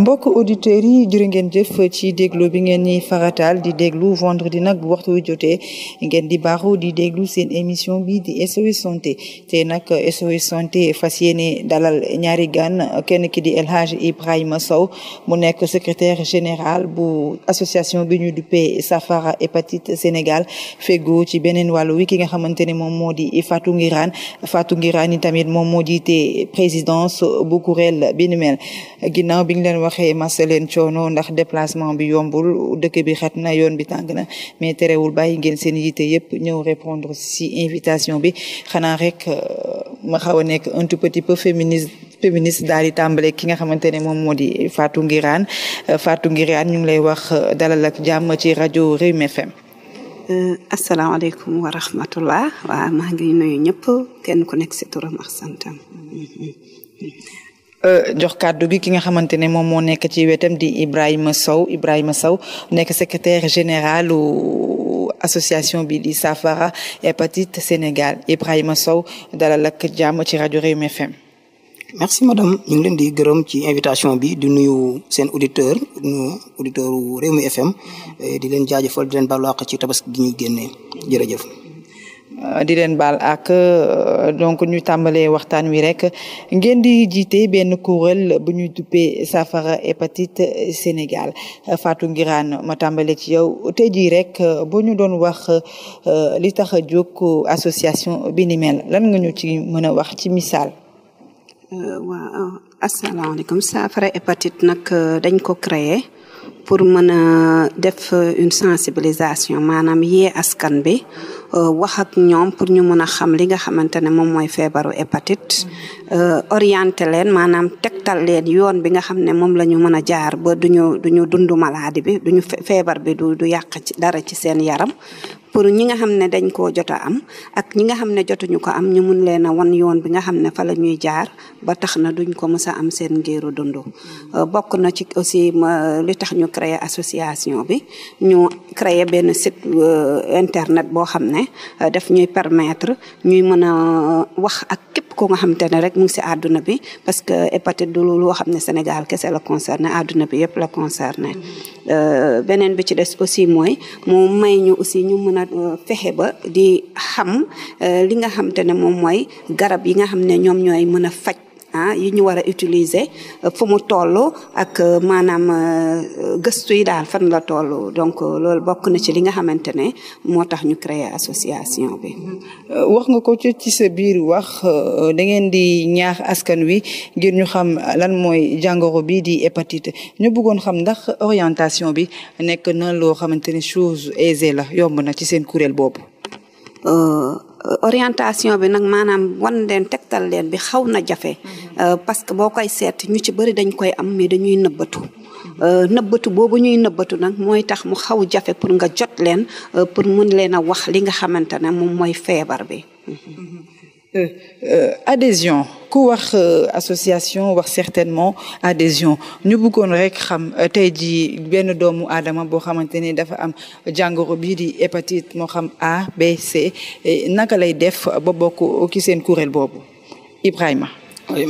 mbokk auditeurs yi jërë ngeen jëf ci déglu bi ngeen ni faratal di déglu vendredi nag bu waxtu wi jotee ngeen di baaxu di déglu seen émission bi di SOS santé te nag SOS santé fas yéene dalal ñaari gan kenn ki di El Hadj Ibrahima Sow mu nekk secretaire général bu association bi ñu duppee Safara hépatite Sénégal fego ci beneen wàllu wi ki nga xamante ne moom moo di Fatou ngiraan Fatou Ngirane tamit moom moo jiite présidence bu kuréel bi ni bi waxee masa leen coono ndax déplacement bi yombul dëkk bi xat na yoon bi tàng na mais terewul bàyyi ngeen seen yitte yëpp ñëw répondre si invitation bi xanaa rek euh, ma xaw a nekk un tout petit peu féministe daal di tàmbale ki nga xamante ne moom moo di ngiraan Ngirane euh, Fatou Ngirane ñu ngi lay wax euh, dalalak ak jàmm ci rajo Rewmi FM asalaamaaleykum wa rahmatullah waa maa ngi nuyu ñëpp kenn ku nekk ci turam ak santam Euh, jox kàddu gi ki nga xamante ne moom moo nekk ci wetam di Ibrahima Sow Ibrahima Sow nekk secrétaire général association bi di Saafara hépatite Sénégal Ibrahima Sow dalal ak jàmm ci rajo Rewmi FM. merci madame ñu ngi leen di gërëm ci invitation bi di nuyu seen auditeur auditeur Rewmi FM eh, di leen jaajëfal di ci tabaski gi ñuy génnee jërëjëf. Euh, di leen baal ak euh, donc ñu tàmbalee waxtaan wi rek ngeen di jiite benn kuréel bu ñuy duppee safara hépatite Sénégal euh, Fatou ngiraan ma tàmbale ci yow te jii rek boo ñu doon wax li tax a jóg association bi lan nga ñu ci mën a wax ci misaal. waaw asalaamaaleykum safara hépatite nag dañ ko créer pour mën a def une sensibilisation maanaam yee askan bi euh, wax ak ñoom pour ñu mën a xam li nga xamante ne moom mooy feebaru hépatite euh, orienté leen maanaam tegtal leen yoon bi nga xam ne moom la ñu mën a jaar ba du ñu dund maladie bi ñu feebar bi du du yàq ci dara ci seen yaram pour ñi nga xam ne dañ koo jot a am ak ñi nga xam ne jotuñu ko am ñu mun leen a wan yoon bi nga xam ne fa la ñuy jaar ba tax na duñ ko mës a am seen ngéeru dund. Euh, bokk na ci aussi li tax ñu créer association bi ñu créer benn site euh, internet boo xam ne euh, daf ñuy permettre ñuy mën a wax ak képp képp ko nga xamante ne rek mu ngi si àdduna bi parce que hépatite du loo xam ne Sénégal kese la concerné àdduna bi yëpp la concerné euh, beneen bi ci des aussi mooy mu may ñu aussi ñu mën a euh, fexe ba di xam euh, li nga xamante ne moom mooy garab yi nga xam ne ñoom ñooy mën a faj Ah, yi ñu war a utiliser euh, fu mu toll ak euh, maanaam euh, gëstu yi daal fan la toll donc loolu bokk na ci li nga xamante ne moo tax ñu créer association bi. wax nga ko ci sa biir wax da ngeen di ñaax askan wi ngir ñu xam lan mooy jàngoro bi di hépatite ñu buggoon xam ndax orientation bi nekk na loo xamante ne chose aisée la yomb na ci seen kuréel boobu. Euh, orientation bi nag maanaam wan leen tegtal leen bi xaw na jafe mhm. euh, parce que boo koy seet ñu ci bëri dañ koy am mais dañuy nëbbatu euh, nëbbatu boobu ñuy nëbbatu nag mooy tax mu xaw jafe pour nga jot leen pour mun leen a wax li nga xamante ne moom mooy feebar bi mhm. Euh, euh, adésion ku wax euh, association wax certainement adhésion ñu buggoon rek xam tey jii benn doomu aadama boo xamante ni dafa am jàngoro bii di hépatite moo xam A B C naka lay def ba bokk ci seen kuréel boobu Ibrahima. oui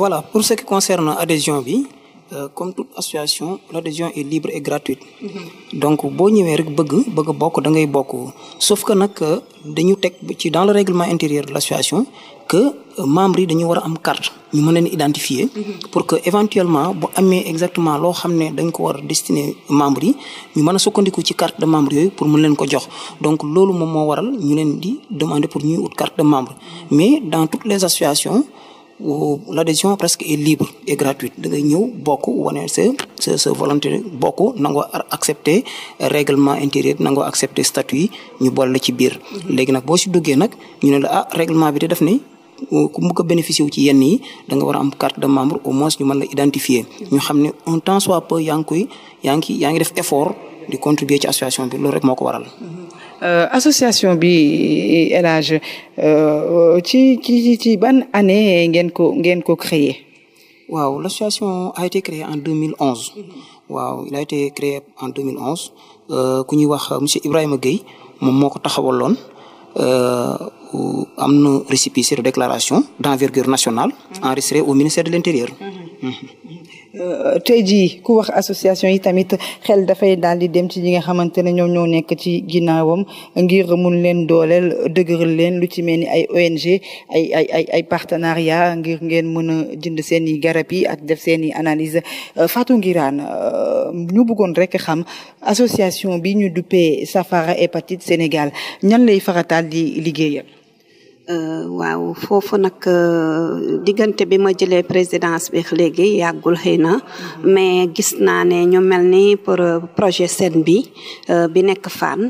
voilà pour ce qui concerne adhésion bi. Euh, comme toute association l'adhésion est libre et gratuite. donc boo ñëwee rek bëgg bëgg bokk da ngay bokk sauf que nag euh, dañu teg ci dans le règlement intérieur de l'association que euh, membres yi dañu war a am carte ñu mën leen identifier. pour que éventuellement bu amee exactement loo xam ne dañ ko war a destiné membres yi ñu mën a sukkandiku ci carte de membre yooyu pour mun leen ko jox donc loolu moom moo waral ñu leen di demander pour ñuy ut carte de membre mais dans les associations. l'adhésion presque est libre et gratuite da ngay ñëw bokk wane sa sa sa volonté bokk nangoo accepter règlement intérieur nangoo accepter statut yi ñu boole la ci biir léegi nag boo si duggee nag ñu ne la ah réglement bi te def ni ku mu ko bénéficier wu ci yenn yi da nga war a am carte de membre au moins ñu man la identifier ñu xam ne un temps soit peu yaa ngi koy yaa ngi yaa ngi def effort di contribuer ci association bi loolu rek moo ko waral mm-hmm. Euh, association bi El Hadj euh, ci ci ci ban année ngeen ko ngeen ko créé. waaw l'association a été créée en 2011. Mhm. waaw il a été créé en 2011 euh, ku ñuy wax monsieur Ibrahima Gueye moom moo ko taxawaloon am na récépissé de déclaration d'envergure nationale mhm. enregistré au ministère de l'Intérieur. Mhm. Euh, tey jii ku wax association yi tamit xel dafay daal di dem ci ñi nga xamante ne ñoom ñoo nekk ci ginnaawam ngir mun leen dooleel dëgëral leen lu ci mel ni ay ONG ay ay ay ay partenariat ngir ngeen mën a jënd seen i garab yi ak def seen i analyse euh, Fatou Ngirane euh, ñu bëggoon rek xam association bi ñu duppee Saafara Hépatite Sénégal ñan lay farataal di liggéeyal. Euh, waaw foofu nag euh, diggante bi ma jëlee présidence bi léegi yàggul xëy na mhm. mais gis naa ne ñu mel ni pour euh, projet Sen bi bi nekk Fann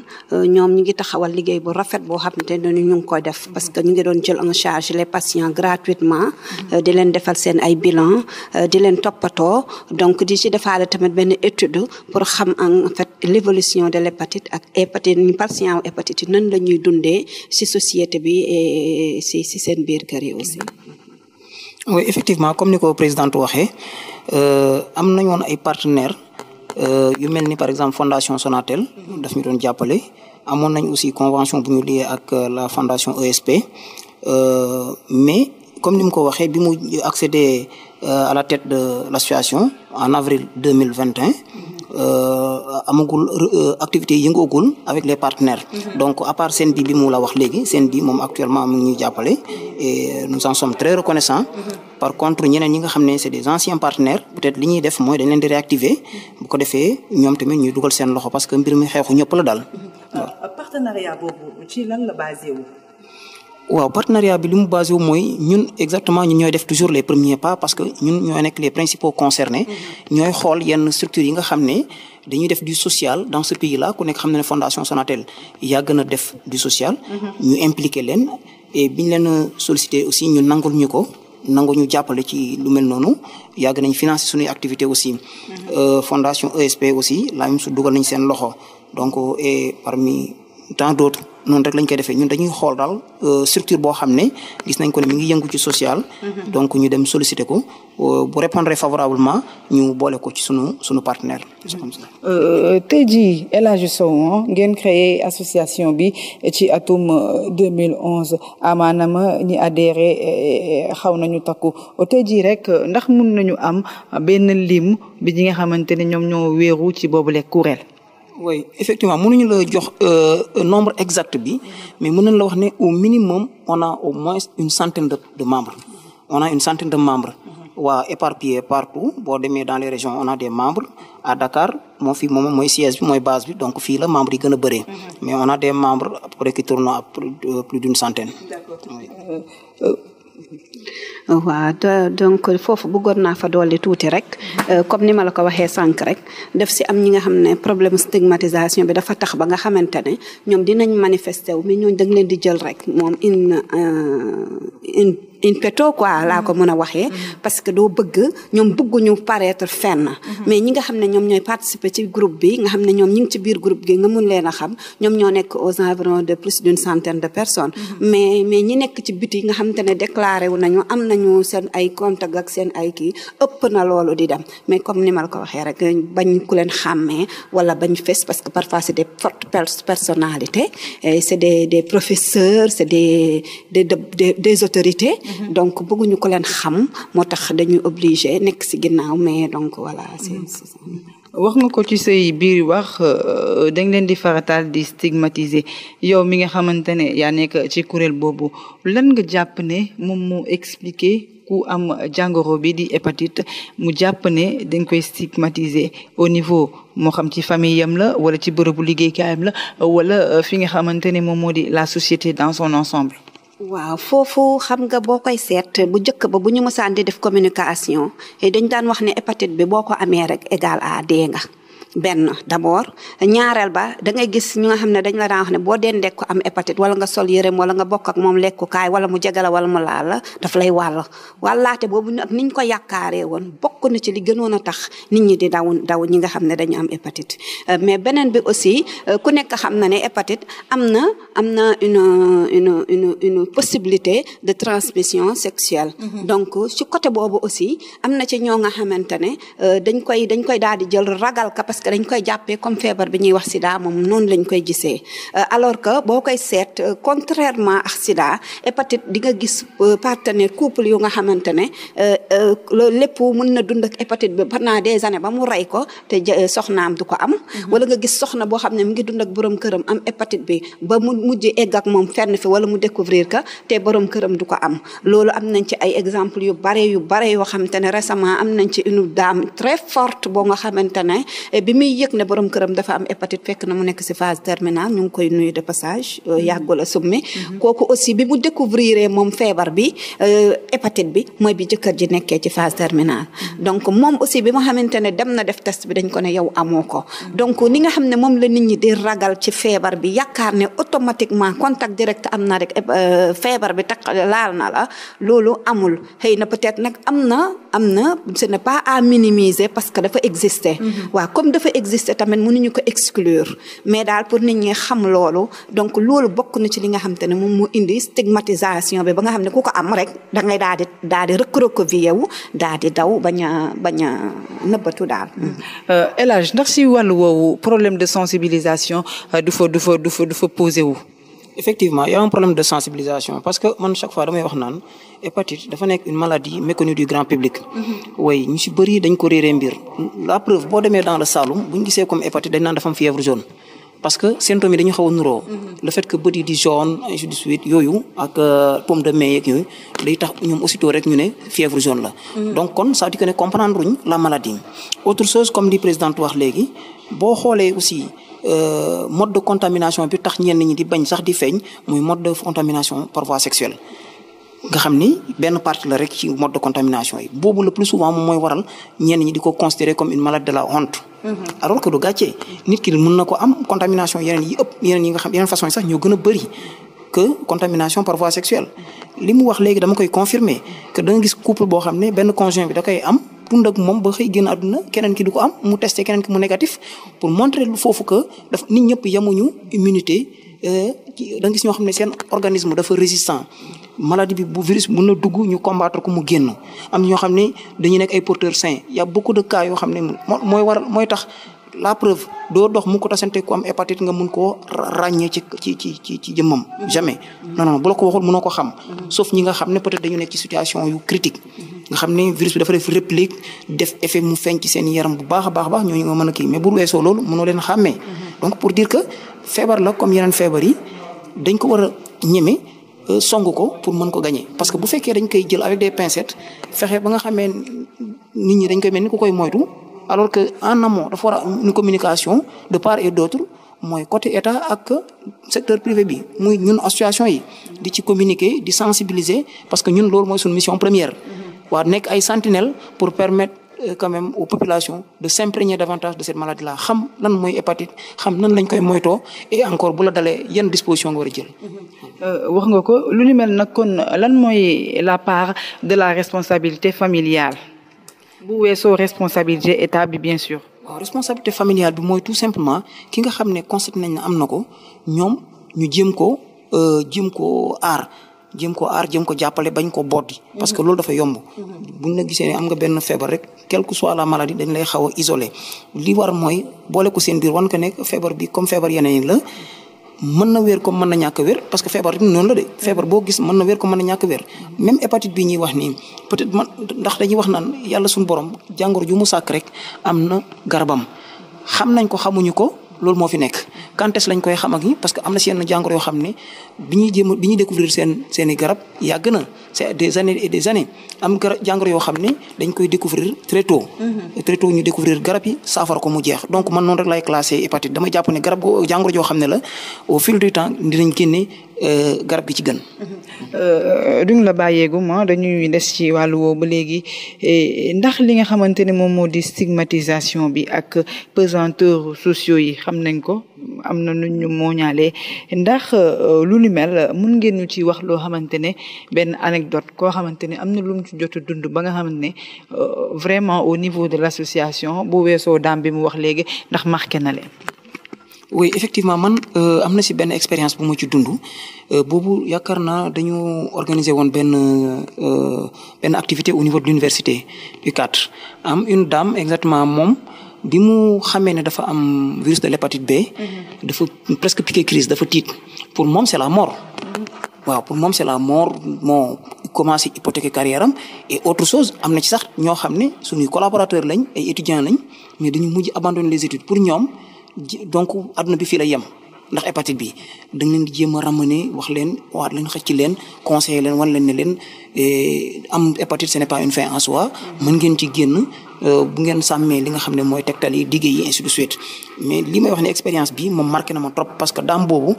ñoom ñu ngi taxawal liggéey bu rafet boo xam ne ñu ngi koy def mhm. parce que ñu ngi doon jël en charge gratuitement mhm. di leen defal seen ay bilan di leen toppatoo donc di ci defaale tamit benn étude pour xam en fait l'évolution de l'hépatite ak hépatite patient hépatite nan la ñuy dundee ci société bi si si seen biir kër yi aussi. oui effectivement comme ni ko présidente waxee euh, am nañ woon ay partenaires euh, yu mel ni par exemple fondation Sonatel. daf ñu doon jàppale. amoon nañ aussi convention bu ñu lié ak euh, la fondation ESP mais comme ni mu ko waxee bi mu accédé à la tête de l'association en avril deux mille vingt et Euh, amagul euh, activité yëngoogul avec les partenaires. Mhm. donc à part SENDI bi mu la wax léegi SENDI moom actuellement mu ngi ñuy jàppale et nous en sommes très reconnaissants. Mhm. par contre ñeneen ñi nga xam ne c'est des anciens partenaires peut-être li ñuy def mooy dañ leen di réactiver bu ko defee ñoom tamit ñuy dugal seen loxo parce que mbir mi xeexu ñëpp la daal. Mhm. Euh, partenariat waaw partenariat bi li mu basé wu mooy ñun exactement ñun ñooy def toujours les premiers pas parce que ñun ñooy nekk les principaux concernés. Mm-hmm. ñooy xool yenn structures yi nga xam ne dañuy def du social dans ce pays là ku nekk xam na ne fondation Sonatel yaa def du social. Mm-hmm. ñu impliqué leen et biñ leen sollicité aussi ñu nangul ñu ko. nangu ñu jàppale ci lu mel noonu yàgg nañ financer suñuy activité aussi. Mm-hmm. Euh, fondation ESP aussi la même su dugal nañ seen loxo donc euh, et parmi tant d'autres noonu rek lañ koy defee ñun dañuy xool daal euh, structure boo xam ne gis nañ ko ne mi ngi yëngu ci social. Mm-hmm. donc ñu dem solliciter ko euh, bu répondre favorablement ñu boole ko ci sunu sunu partenaire. Euh, tey jii El Hadji ah, ngeen créé association bi ci atum 2011 amaanaam ñi adhéré xaw nañu takku tey jii rek ndax mun nañu am benn lim bi ñi nga xamante ne ñoom ñoo wéeru ci boobule kuréel. oui effectivement mënuñu la jox euh, euh, nombre exact bi mais mën nañ la wax ne au minimum on a au moins une centaine de de on a une centaine de membres. waa éparpillés partout boo demee dans les régions on a des membres à Dakar moo fi moom mooy siège bi mooy base bi donc fii la membre yi gën a bëree. Mm-hmm. mais on a des membres à qui tournent à plus euh, d'une centaine. waaw donc foofu bëggoon naa fa dolli tuuti rek euh, comme ni ma la ko waxee sànq rek def si am ñi nga xam ne problème stigmatisation bi dafa tax ba nga xamante ne ñoom dinañ manifester wu mais ñooñ da leen di jël rek moom une euh, in petto quoi laa ko mën a waxee. parce que doo bëgg ñoom bëgguñu paraître fenn. mais ñi nga xam ne ñoom ñooy participer ci groupe bi nga xam ne ñoom ñi ngi ci biir groupe gi nga mun leen a xam ñoom ñoo nekk aux environs de plus d'une centaine de personnes. mais mais ñi nekk ci biti nga xam te ne déclaré wu nañu am nañu seen ay contact ak seen ay kii ëpp na loolu di dem mais comme ni ma la ko waxee rek bañ ku leen xàmmee wala bañ fes parce que parfois c'est des fortes personnalités c'est des des professeurs c'est des des des autorités. Mm-hmm. donc bëgguñu ko leen xam moo tax dañuy obligé nekk ci ginnaaw mais donc voilà c'est mm-hmm. wax nga ko ci say biir wax euh, dañ leen di faratal di stigmatiser yow mi nga xamante ne yaa nekk ci kuréel boobu lan nga jàpp ne moom mu expliquer ku am jàngoro bi di hépatite mu jàpp ne dañ koy stigmatiser au niveau moo xam ci famille yam la wala ci bërëbu liggéeykaayam la wala euh, fi nga xamante ne moom moo di la société dans son ensemble. waaw foofu xam nga boo koy seet bu njëkk ba bu ñu mësaan di def communication dañ daan wax ne hépatite bi boo ko amee rek égal à dee nga benn d'abord ñaareel ba da ngay gis ñu nga xam ne dañ la daan wax ne boo dee ndek ko am hépatite wala nga sol yërëm wala nga bokk ak moom lekkukaay wala mu jege la wala mu laal la daf lay wàll wàllaate boobu ak niñ ko yàkkaaree woon bokk na ci li gënoon a tax nit ñi di daw daw ñi nga xam ne dañu am hépatite. Euh, mais beneen bi aussi euh, ku nekk xam na ne hépatite am na am na une une une une possibilité de transmission sexuelle. Mhm. boobu aussi am na ci ñoo nga xamante ne euh, dañ koy dañ jël ragal ka parce que koy jàppee comme feebar bi ñuy wax sida moom noonu lañ koy gisee euh, alors que boo koy seet euh, contrairement ak sida hépatite di nga gis euh, partenaire couple yu nga xamante ne loolu lépp mën na dund ak hépatite bi pendant des années ba mu rey ko te soxnaam du ko am mhm. wala nga gis soxna boo xam ne mu ngi dund ak borom këram am hépatite bi ba mu mujj egg moom fenn fi wala mu découvrir ka te borom këram du ko am loolu am nañ ci ay exemple yu bare yu bare yoo xamante ne récemment am nañ ci une dame très forte boo nga xamante ne eh, bi muy yëg ne borom këram dafa am hépatite fekk na mu nekk ci phase terminale ñu ngi koy nuyu de passage euh, mm-hmm. yàggul a summi mm-hmm. kooku aussi bi mu découvrir moom feebar bi euh, hépatite bi mooy bi jëkkër ji nekkee ci phase terminale mm-hmm. donc moom aussi bi mu xamante ne dem na def test bi dañ ko ne yow amoo ko donc ni nga xam ne moom la nit ñi di ragal ci feebar bi yaakaar ne automatiquement contact direct am na rek euh, feebar bi tak laal na la loolu amul xëy na peut-être nag am na am na ce pas à minimiser parce que dafa exister dafa exister tamit mënuñu ko exclure mais daal pour nit ñu xam loolu donc loolu bokk na ci li nga xam te ne moom moo indi stigmatisation bi ba nga xam ne ku ko am rek da ngay daal di daal di rëkk-rëkk bi yow daal di daw bañ a bañ a nëbbatu daal. Euh, El Hadj ndax si wàllu woowu problème de sensibilisation du fa du fo du fa du fa posé wu. effectivement y a un problème de sensibilisation parce que man chaque fois damay wax naan hépatite dafa nekk une maladie méconnue du grand public. waaye mm-hmm. ñu si bëri dañ ko réeree mbir. la preuve boo demee dans le Saloum bu gisee comme hépatite dañ naan dafa am jaune. parce que symptômes yi mm-hmm. que bët yi di jaune ainsi de suite yooyu ak euh, pomme de main yooyu day tax ñoom aussitôt rek ñu ne fièvre jaune la. Mm-hmm. donc kon ça veut dire que ne comprendre luñ la maladie. autre chose comme li président wax léegi boo xoolee aussi. Euh, mode de contamination bi tax ñenn ñi di bañ sax di feeñ muy mode de contamination par voie sexuelle. nga xam ni benn partie la rek ci mode de contamination yi boobu le plus souvent moom mooy waral ñenn ñi di ko considérer comme une maladie de la honte. Mm-hmm. alors que du gàccee nit ki mun na ko am contamination yeneen yi ëpp yeneen yi nga xam yeneen façon yi sax ñoo gën a bëri. que contamination par voie sexuelle li mu wax léegi dama koy confirmer que da nga gis couple boo xam ne benn conjoint bi da koy am dund ak moom ba xëy génn àdduna keneen ki du ko am mu testé keneen ki mu négatif pour montrer foofu que ni ñëpp yemuñu immunité euh, da nga gis ñoo xam ne seen organisme dafa résistant maladie bi bu virus mën na dugg ñu combattre ko mu génn am ñoo xam ne dañu nekk ay porteurs sains y a beaucoup de cas yoo xam ne mooy waral mooy tax la preuve doo dox mu ko tasante ku am hépatite nga mun koo ràññee ci ci jëmmam. jamais non bu la ko waxul mënoo ko xam. sauf ñi nga xam ne peut-être dañu nekk situation yu critique nga xam ne virus bi dafa def réplique def effet mu feeñ seen yaram bu baax a baax baax ñooñu nga mën a kii mais bu ko a ñeme. Euh, song bu fekkee dañ koy jël avec des pincettes fexe ba nga xamee nit ñi dañ koy mel ni ku koy moytu alors que en amont dafa war a une communication de part et d'autre mooy côté état ak secteur privé bi muy ñun association yi di ci communiquer di sensibiliser parce que ñun loolu mooy suñu mission première waa nekk ay sentinelle pour permettre euh, quand même aux populations de s'imprégner davantage de cette maladie la xam lan mooy hépatite xam nan lañ koy moytoo et encore bu la dalee yan disposition nga war a jël. Euh, wax nga ko lu ni mel nag kon lan mooy la part de la responsabilité familiale. bu weesoo responsabilité état bi bien sûr. waaw responsabilité familiale bi mooy tout simplement ki nga xam ne constaté nañ ne am na ko ñoom ñu jëm ko euh, jéem ko aar. jëm ko aar jëm ko jàppale bañ ko boddi parce que loolu dafa yomb buñ na gisee ne am nga benn feebar rek quelle que soit la maladie dañ lay xaw a isolé li war mooy boole ko seen biir wan ko nekk feebar bi comme feebar yeneen la mën na weer comme mën na ñàkk wér parce que feebar bi noonu la de feebar boo gis mën na wér comme mën na ñàkk wér même hépatite bi ñuy wax nii peut-être man ndax dañuy wax naan yàlla suñu borom jàngoro ju mu sàkk rek am na garabam xam nañ ko xamuñu ko loolu moo fi nekk quand test lañ koy xam ak ñi parce que am na si yenn jàngoro yoo xam ne bi ñuy jéem bi découvrir seen seen garab yàgg na des années et des années am garab yoo xam ne dañ koy découvrir très tôt. Mhm. très tôt ñu découvrir garab yi saafara ko mu jeex donc man noonu rek laay classé hépatite dama jàpp ne garab jàngoro joo xam ne la au fil du temps dinañ génne Euh, garab gi ci gën. Euh, duñ la bàyyeegu ma dañuy des ci wàllu woowu ba léegi ndax li nga xamante ne moom moo di stigmatisation bi ak présenteur sociaux yi xam nañ ko am na nu ñu mooñaalee ndax euh, lu ni mel mun ngeen ñu ci wax loo xamante ne benn anecdote koo xamante ne am na lum ci jot dund ba nga xamante ne vraiment au niveau de l'association bu weesoo daam bi mu wax léegi ndax marqué na leen. oui effectivement man euh, am na si benn expérience bu ma ci dundu euh, boobu yaakaar naa dañu organiser woon benn euh, benn activité au niveau de l'université du am une dame exactement moom bi mu xamee ne dafa am virus de l'hépatite B. Mhm. dafa presque piqué crise dafa tiit pour moom c'est la mort. Mhm. waaw pour moom c'est la mort moo commencé hypothéquer carrière am et autre chose am na ci sax ñoo xam ne suñuy collaborateurs lañ ay étudiants lañ mais dañu mujj abandonner les études pour ñoom. donc adduna bi fii la yem ndax hépatite bi da leen di jéem a ramener wax leen waat leen xëcc leen conseiller leen wan leen ne leen eh, am hépatite ce n'est pas une fin en soi mën ngeen ci génn Euh, bu ngeen sàmmee li nga xam ne mooy tegtal yi liggéey yi ainsi de suite mais li may wax ne expérience bi moom marqué na ma trop parce que daam boobu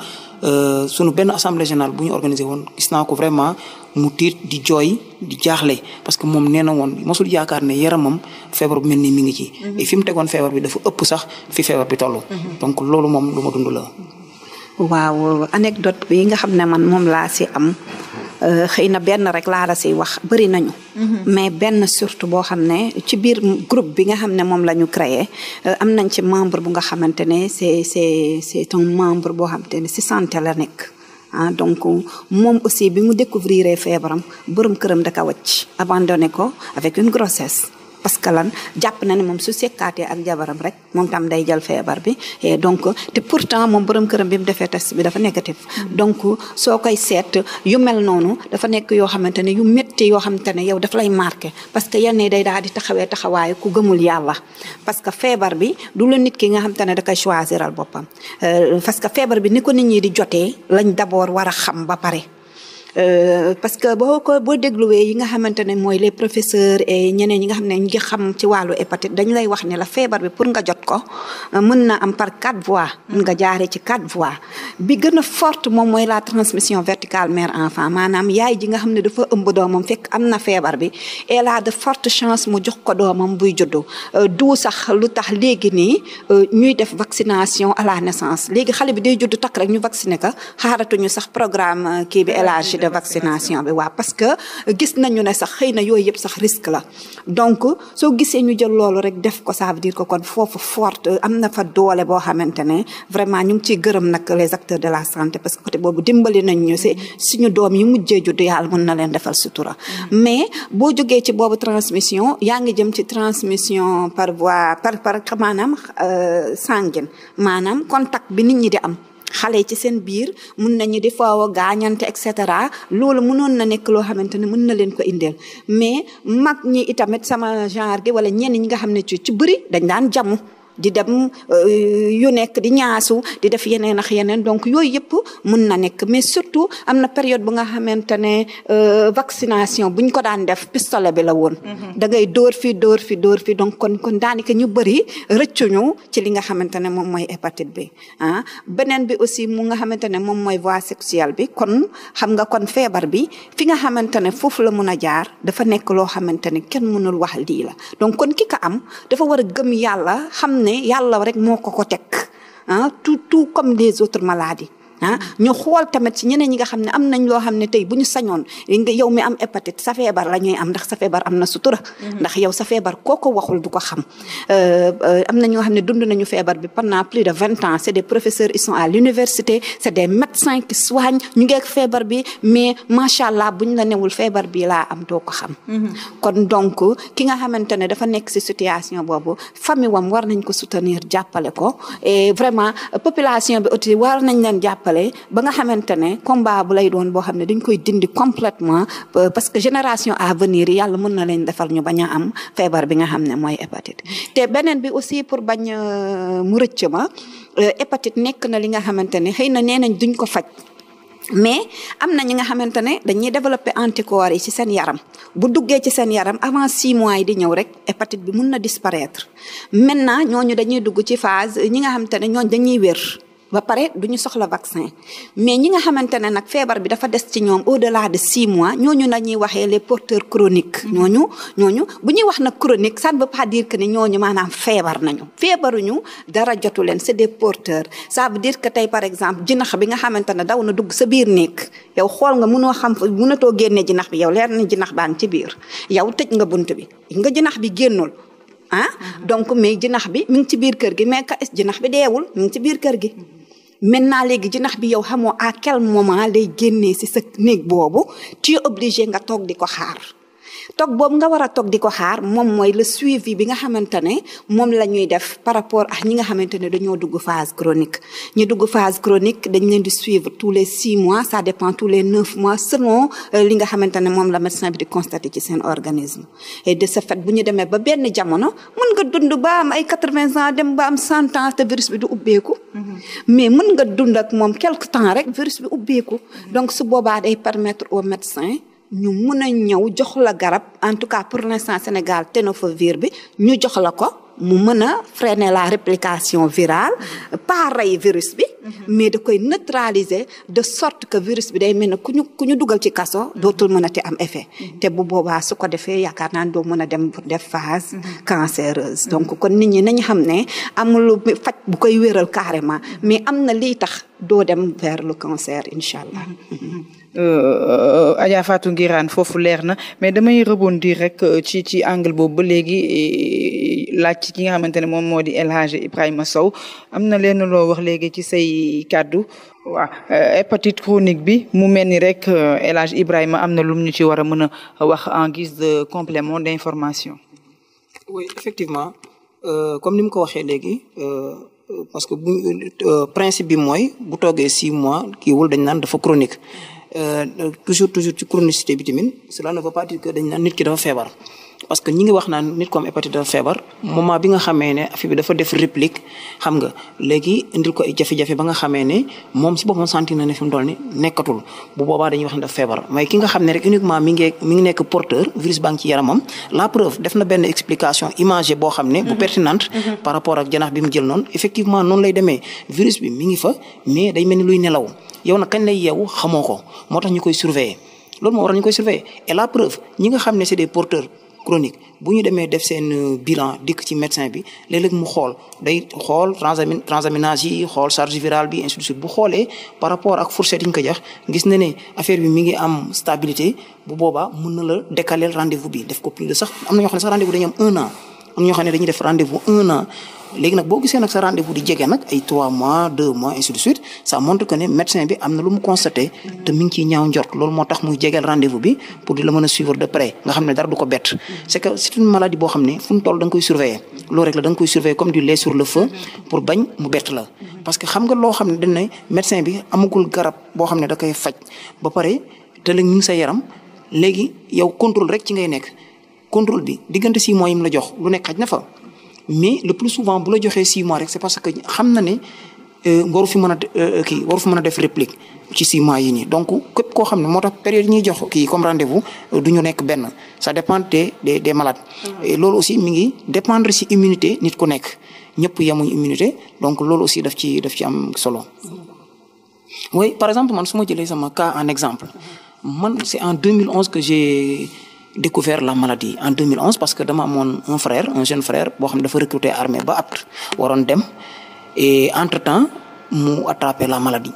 euh, sunu benn assemblée générale bu ñu organisé woon gis naa ko vraiment mu tiit di jooy di jaaxle parce que moom nee na woon mosul yaakaar ne moom feebar bu mel nii mi ngi ci. Mm-hmm. et fi mu tegoon feebar bi dafa ëpp sax fi feebar bi toll. Mm-hmm. donc loolu moom lu ma dund la. waaw anecdote bi nga xam ne man moom laa si am euh, xëy na benn rek laa la si wax bëri nañu. Mhm. mais benn surtout boo xam ne ci biir groupe bi nga xam ne moom la ñu créé euh, am nañ ci membre bu nga xamante ne c'est c'est ton membre boo xamante ne si santé la nekk. ah donc moom aussi bi mu découvrir feebaram borom këram da ka wàcc abandonné ko avec une grossesse. parce que lan jàpp na ne moom su sekkaatee ak jabaram rek moom tam day jël feebar bi donc te pourtant moom borom këram bi mu defee test bi dafa négatif donc soo koy seet yu mel noonu dafa nekk yoo xamante ne yu métti yoo xamante ne yow dafa lay marqué parce que yenn day daal di taxawee taxawaayu ku gëmul yàlla parce que feebar bi du la nit ki nga xamante ne da koy choisiral boppam euh, parce que feebar bi ni ko nit ñi di jotee lañ d'abord war a xam ba pare Euh, parce que boo ko boo dégluwee yi nga xamante ne mooy les professeurs et ñeneen ñi nga xam ne ñu ngi xam ci wàllu hépatite dañu lay wax ne la feebar bi pour nga jot ko euh, mën na am par quatre voies. mën nga jaaree ci quatre voies bi gën a forte moom mooy la transmission verticale mère enfant maanaam yaay ji nga xam ne dafa ëmb doomam fekk am na feebar bi elle a de forte chance mu jox ko doomam buy juddu euh, du sax lu tax léegi nii ñuy def vaccination à la naissance léegi xale bi day juddu takk rek ñu vacciné ko xaaratuñu sax programme kii bi élargi de vaccination bi waa parce que gis nañu ne sax xëy na yooyu yëpp sax risque la donc soo gisee ñu jël loolu rek def ko ça veut dire kon foofu forte euh, am na fa doole boo xamante ne vraiment ñu ngi ciy gërëm nag les acteurs de la santé parce que côté boobu dimbali nañ ñu si suñu doom yi mujjee judd yàlla mën na leen defal sutura mais boo jogee ci boobu transmission yaa ngi jëm ci transmission par voie par par maanaam euh, sanguine maanaam contact bi nit ñi di am xale yi ci seen biir mun nañu di foowa gaañante et cetera loolu mënoon na nekk loo xamante ne mën na leen ko indeel mais mag ñi itamit sama genre gi wala ñenn ñi nga xam ne ci ci bëri dañ daan jamu di dem euh, yu nekk di ñaasu di def yeneen ak yeneen donc yooyu yëpp mën na nekk mais surtout am na période bu nga xamante ne euh, vaccination buñ ko daan def pistolet bi la woon. Mhm. dangay door dóor fi dóor fi dóor donc kon kon daanaka ñu bëri rëccuñu ci li nga xamante ne moom mooy hépatite bi ah beneen bi aussi mu nga xamante ne moom mooy voie sexuelle bi kon xam nga kon feebar bi fi nga xamante ne foofu la mun a jaar dafa nekk loo xamante ne kenn mënul wax lii la donc ne yàlla rek moo ko ko teg ah tout tout comme les autres maladies ah ñu xool tamit ci ñeneen nga xam ne am nañ loo xam ne tey bu sañoon yow mi am hépatite sa feebar la ñuy am ndax sa feebar am na sutura mm-hmm. ndax yow sa feebar koo ko waxul du ko xam euh, euh, am na ñoo xam ne dund nañu feebar bi pendant plus de vingt ans c'est des professeurs ils sont à l'université c'est des médecins qui soignent ñu ngeek feebar bi mais macha allah buñ la newul feebar bi laa am doo ko xam mm-hmm. kon donc ki nga xamante ne dafa nekk ci situation boobu famille wam war nañ ko soutenir jàppale ko jàppale ba nga xamante ne combat bu lay doon boo xam ne dañ koy dindi complètement euh, parce que génération à venir yàlla mën na leen defal ñu bañ am feebar bi nga xam ne mooy hépatite. te beneen bi aussi pour bañ euh, mu rëcc ma euh, hépatite nekk na li nga xamante ne xëy na nee nañ duñ ko faj. mais am na ñi nga xamante ne dañuy développer anticorps yi ci seen yaram bu duggee ci seen yaram avant six mois yi di ñëw rek hépatite bi mun na disparaître maintenant ñooñu dañuy dugg ñi nga xamante ne ñooñu dañuy ba pare du ñu soxla vaccin mais ñi nga xamante ne nag feebar bi dafa des ci ñoom au delà de six mois ñooñu la ñuy waxee les porteurs chroniques. Mm-hmm. ñooñu ñooñu bu ñuy wax nag chronique ça ne veut pas dire que ne ñooñu maanaam feebar nañu feebaruñu dara jotu leen c'est des porteur ça veut dire que tey par exemple jinax bi nga xamante ne daw na dugg sa biir néeg yow xool nga munoo xam mënatoo génne jinax bi yow leer na jinax baa ci biir yow tëj nga bunt bi nga jinax bi génnul. ah mm-hmm. donc mais jinax bi mi ngi ci biir kër gi mais ka jinax bi deewul mi ngi ci biir kër gi maintenant léegi jinax bi yow xamoo à quel moment lay génnee si sa néeg boobu tu obligé nga toog di ko xaar toog boobu nga war a toog di ko xaar moom mooy le suivi bi nga xamante ne moom la ñuy def par rapport ak ñi nga xamante ne dañoo dugg phase chronique ñu dugg phase chronique dañ leen di suivre tous les six mois ça dépend tous les neuf mois selon euh, li nga xamante ne moom la médecin bi di constaté ci seen organisme et de ce fait bu ñu demee ba benn jamono mën nga dund ba am ay quatre-vingts ans dem ba am cent ans te virus bi du ubbeeku mm-hmm. mais mën nga dund ak moom quelque temps rek virus bi ubbeeku mm-hmm. donc su boobaa day permettre au médecin ñu mun a ñëw jox garab en tout cas pour l'instant Sénégal tenofovir bi ñu jox la ko mu mën a freiner la réplication virale pas rey virus bi. Mhm. mais da koy neutraliser de sorte que virus bi day mel ne ku ñu ku ñu dugal ci kaso mhm. dootul mën a te am effet. Mhm. te bu boobaa su ko defee yaakaar naa doo mën a dem pour def phase. cancéreuse donc kon nit ñi nañu xam ne amul lu faj bu koy wéral carrément mais am na lii tax doo dem vers le cancer incha allah. Euh, Adja Fatou Ngiraan foofu leer na mais damay rebondir rek euh, ci ci angle boobu ba léegi laaj ci nga xamante ne moom moo di El Ibrahima Sow am na leen loo wax léegi ci say kàddu waaw euh, hépatite chronique bi mu mel ni rek El Ibrahima am na lum ñu ci war a mën a wax en guise de complément d'information. oui effectivement comme ni mu ko waxee léegi. parce que bu principe bi mooy bu toogee six mois kiiwul dañ naan dafa chronique Euh, euh, toujours toujours ci chronicité bi tamit cela ne veut pas dire que dañ naan nit ki dafa feebar parce que ñi ngi wax naan nit ko am hépatite dafa feebar. moment bi nga xamee ne affaire bi dafa def xam nga léegi indil ko ay jafe-jafe ba nga xamee ne moom si boppam sentir na nekkatul bu boobaa dañuy wax ne dafa feebar mais ki nga xam ne rek uniquement mi ngi mi ngi nekk porteur virus baa ngi ci yaramam la preuve def na benn explication imagée boo xam ne. bu mhm. pertinente. Mhm. par rapport ak janax bi mu jël noonu effectivement noonu lay demee virus bi mi ngi fa mais day mel nelaw yow nag kañ lay yeewu xamoo ko moo tax ñu koy surveiller loolu moo la preuve ñi nga xam ne chronique bu ñu demee def seen euh, bilan dikk ci médecin bi léeg-léeg mu xool day xool transamin transaminase yi xool charge virale bi ainsi de bu xoolee par rapport ak fourchette yi ko jox gis na ne affaire bi mi ngi am stabilité bu boobaa mën na la décaler rendez bi def ko plus sax am na ñoo xam ne sax rendez-vous dañu am ñoo xam ne dañuy def rendez-vous un an léegi nag boo gisee nag sa rendez di jege nag ay trois mois deux mois ainsi de suite ça montre que ne médecin bi am mu constaté te mi ngi ciy ñaaw njort loolu moo tax muy jegeel rendez-vous bi pour a suivre de nga loo xam ne dañ ne médecin bi garab boo xam ne da koy faj ba pare te la ñu ngi sa yaram léegi yow contrôle rek ci ngay nekk contrôle bi diggante six mois yi mu la jox lu nekk xaj na fa mais le plus souvent bu la joxee six rek c'est parce que xam na ne euh, waru fi mën a euh, kii waru fi mën a def réplique ci six yi nii donc képp koo xam ne moo tax période yi ñuy jox kii comme rendez-vous euh, du ñu nekk benn ça dépend des de malade malades. Mm. et loolu aussi mi ngi dépendre ci immunité nit ku nekk ñëpp yemuñu immunité donc loolu aussi daf ci daf ci am solo. oui par exemple man su jëlee sama ka en exemple man c'est en découvert la maladie en 2011 parce que dama amoon un frère un jeune frère boo xam ne dafa recruter armée ba at waroon dem e entre temps mu attrapé la maladie